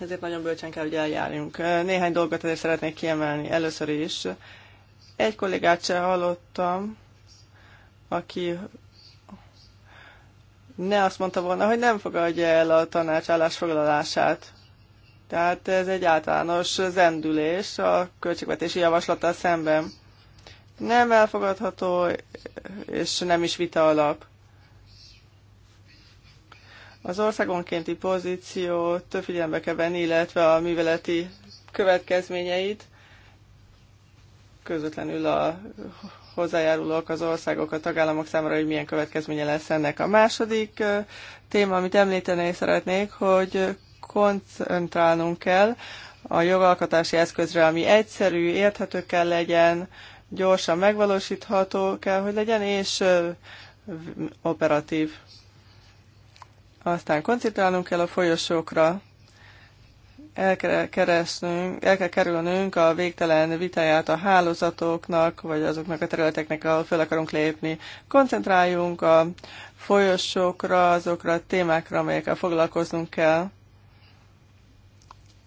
ezért nagyon bölcsen kell, hogy eljárjunk. Néhány dolgot azért szeretnék kiemelni. Először is egy kollégát sem hallottam, aki ne azt mondta volna, hogy nem fogadja el a tanács állásfoglalását. Tehát ez egy általános zendülés a költségvetési javaslattal szemben. Nem elfogadható, és nem is vita alap. Az országonkénti pozíciót figyelembe kell venni, illetve a műveleti következményeit, közvetlenül a hozzájárulók az országok, a tagállamok számára, hogy milyen következménye lesz ennek. A második téma, amit említeni szeretnék, hogy koncentrálnunk kell a jogalkotási eszközre, ami egyszerű, érthető kell legyen, gyorsan megvalósítható kell, hogy legyen, és operatív. Aztán koncentrálnunk kell a folyosókra, el kell, keresnünk, el kell kerülnünk a végtelen vitáját a hálózatoknak, vagy azoknak a területeknek, ahol fel akarunk lépni. Koncentráljunk a folyosókra, azokra a témákra, amelyekkel foglalkoznunk kell,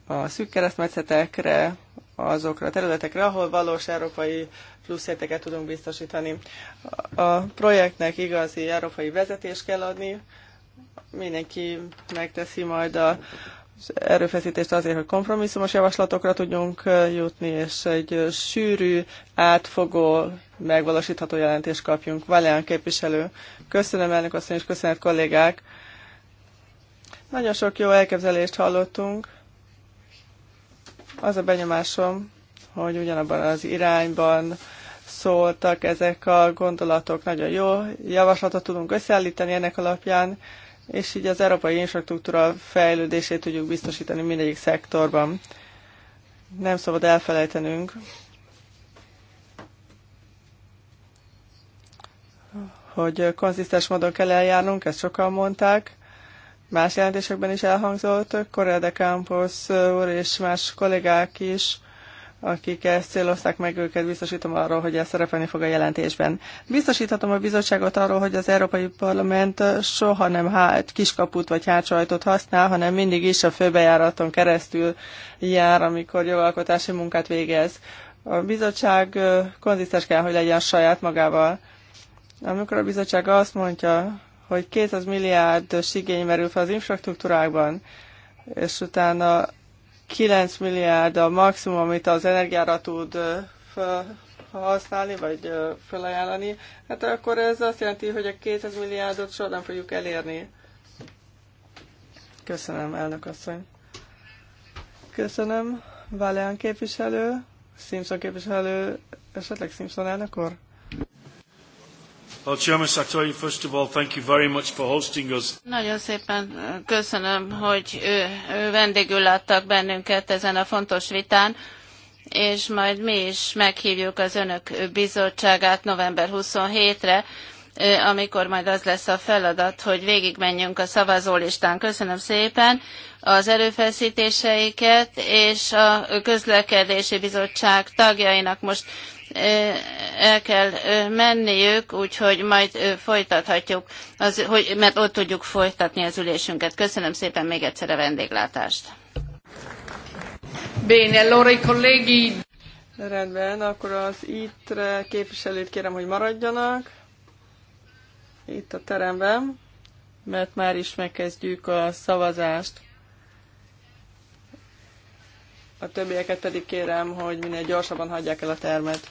a szűk keresztmetszetekre, azokra a területekre, ahol valós európai pluszérteket tudunk biztosítani. A projektnek igazi európai vezetés kell adni, mindenki megteszi majd a erőfeszítést azért, hogy kompromisszumos javaslatokra tudjunk jutni, és egy sűrű, átfogó, megvalósítható jelentést kapjunk. Valján képviselő. Köszönöm elnök asszony, és köszönet kollégák. Nagyon sok jó elképzelést hallottunk. Az a benyomásom, hogy ugyanabban az irányban szóltak ezek a gondolatok. Nagyon jó javaslatot tudunk összeállítani ennek alapján és így az európai infrastruktúra fejlődését tudjuk biztosítani mindegyik szektorban. Nem szabad elfelejtenünk, hogy konzisztens módon kell eljárnunk, ezt sokan mondták, más jelentésekben is elhangzott, Korea de Campos úr és más kollégák is akik ezt célozták meg őket, biztosítom arról, hogy ez szerepelni fog a jelentésben. Biztosíthatom a bizottságot arról, hogy az Európai Parlament soha nem hát, kiskaput vagy hátsajtot használ, hanem mindig is a főbejáraton keresztül jár, amikor jogalkotási munkát végez. A bizottság konzisztens kell, hogy legyen saját magával. Amikor a bizottság azt mondja, hogy 200 milliárd igény merül fel az infrastruktúrákban, és utána 9 milliárd a maximum, amit az energiára tud használni, vagy felajánlani, hát akkor ez azt jelenti, hogy a 200 milliárdot soha nem fogjuk elérni. Köszönöm, elnök asszony. Köszönöm, Váleán képviselő, Simpson képviselő, esetleg Simpson elnök úr? Nagyon szépen uh, köszönöm, hogy ő, uh, ő vendégül láttak bennünket ezen a fontos vitán és majd mi is meghívjuk az önök bizottságát november 27-re, uh, amikor majd az lesz a feladat, hogy végigmenjünk a szavazólistán. Köszönöm szépen az erőfeszítéseiket, és a közlekedési bizottság tagjainak most el kell menniük, úgyhogy majd folytathatjuk, az, hogy, mert ott tudjuk folytatni az ülésünket. Köszönöm szépen még egyszer a vendéglátást. Bene, allora i colleghi. Rendben, akkor az itt képviselőt kérem, hogy maradjanak itt a teremben, mert már is megkezdjük a szavazást. A többieket pedig kérem, hogy minél gyorsabban hagyják el a termet.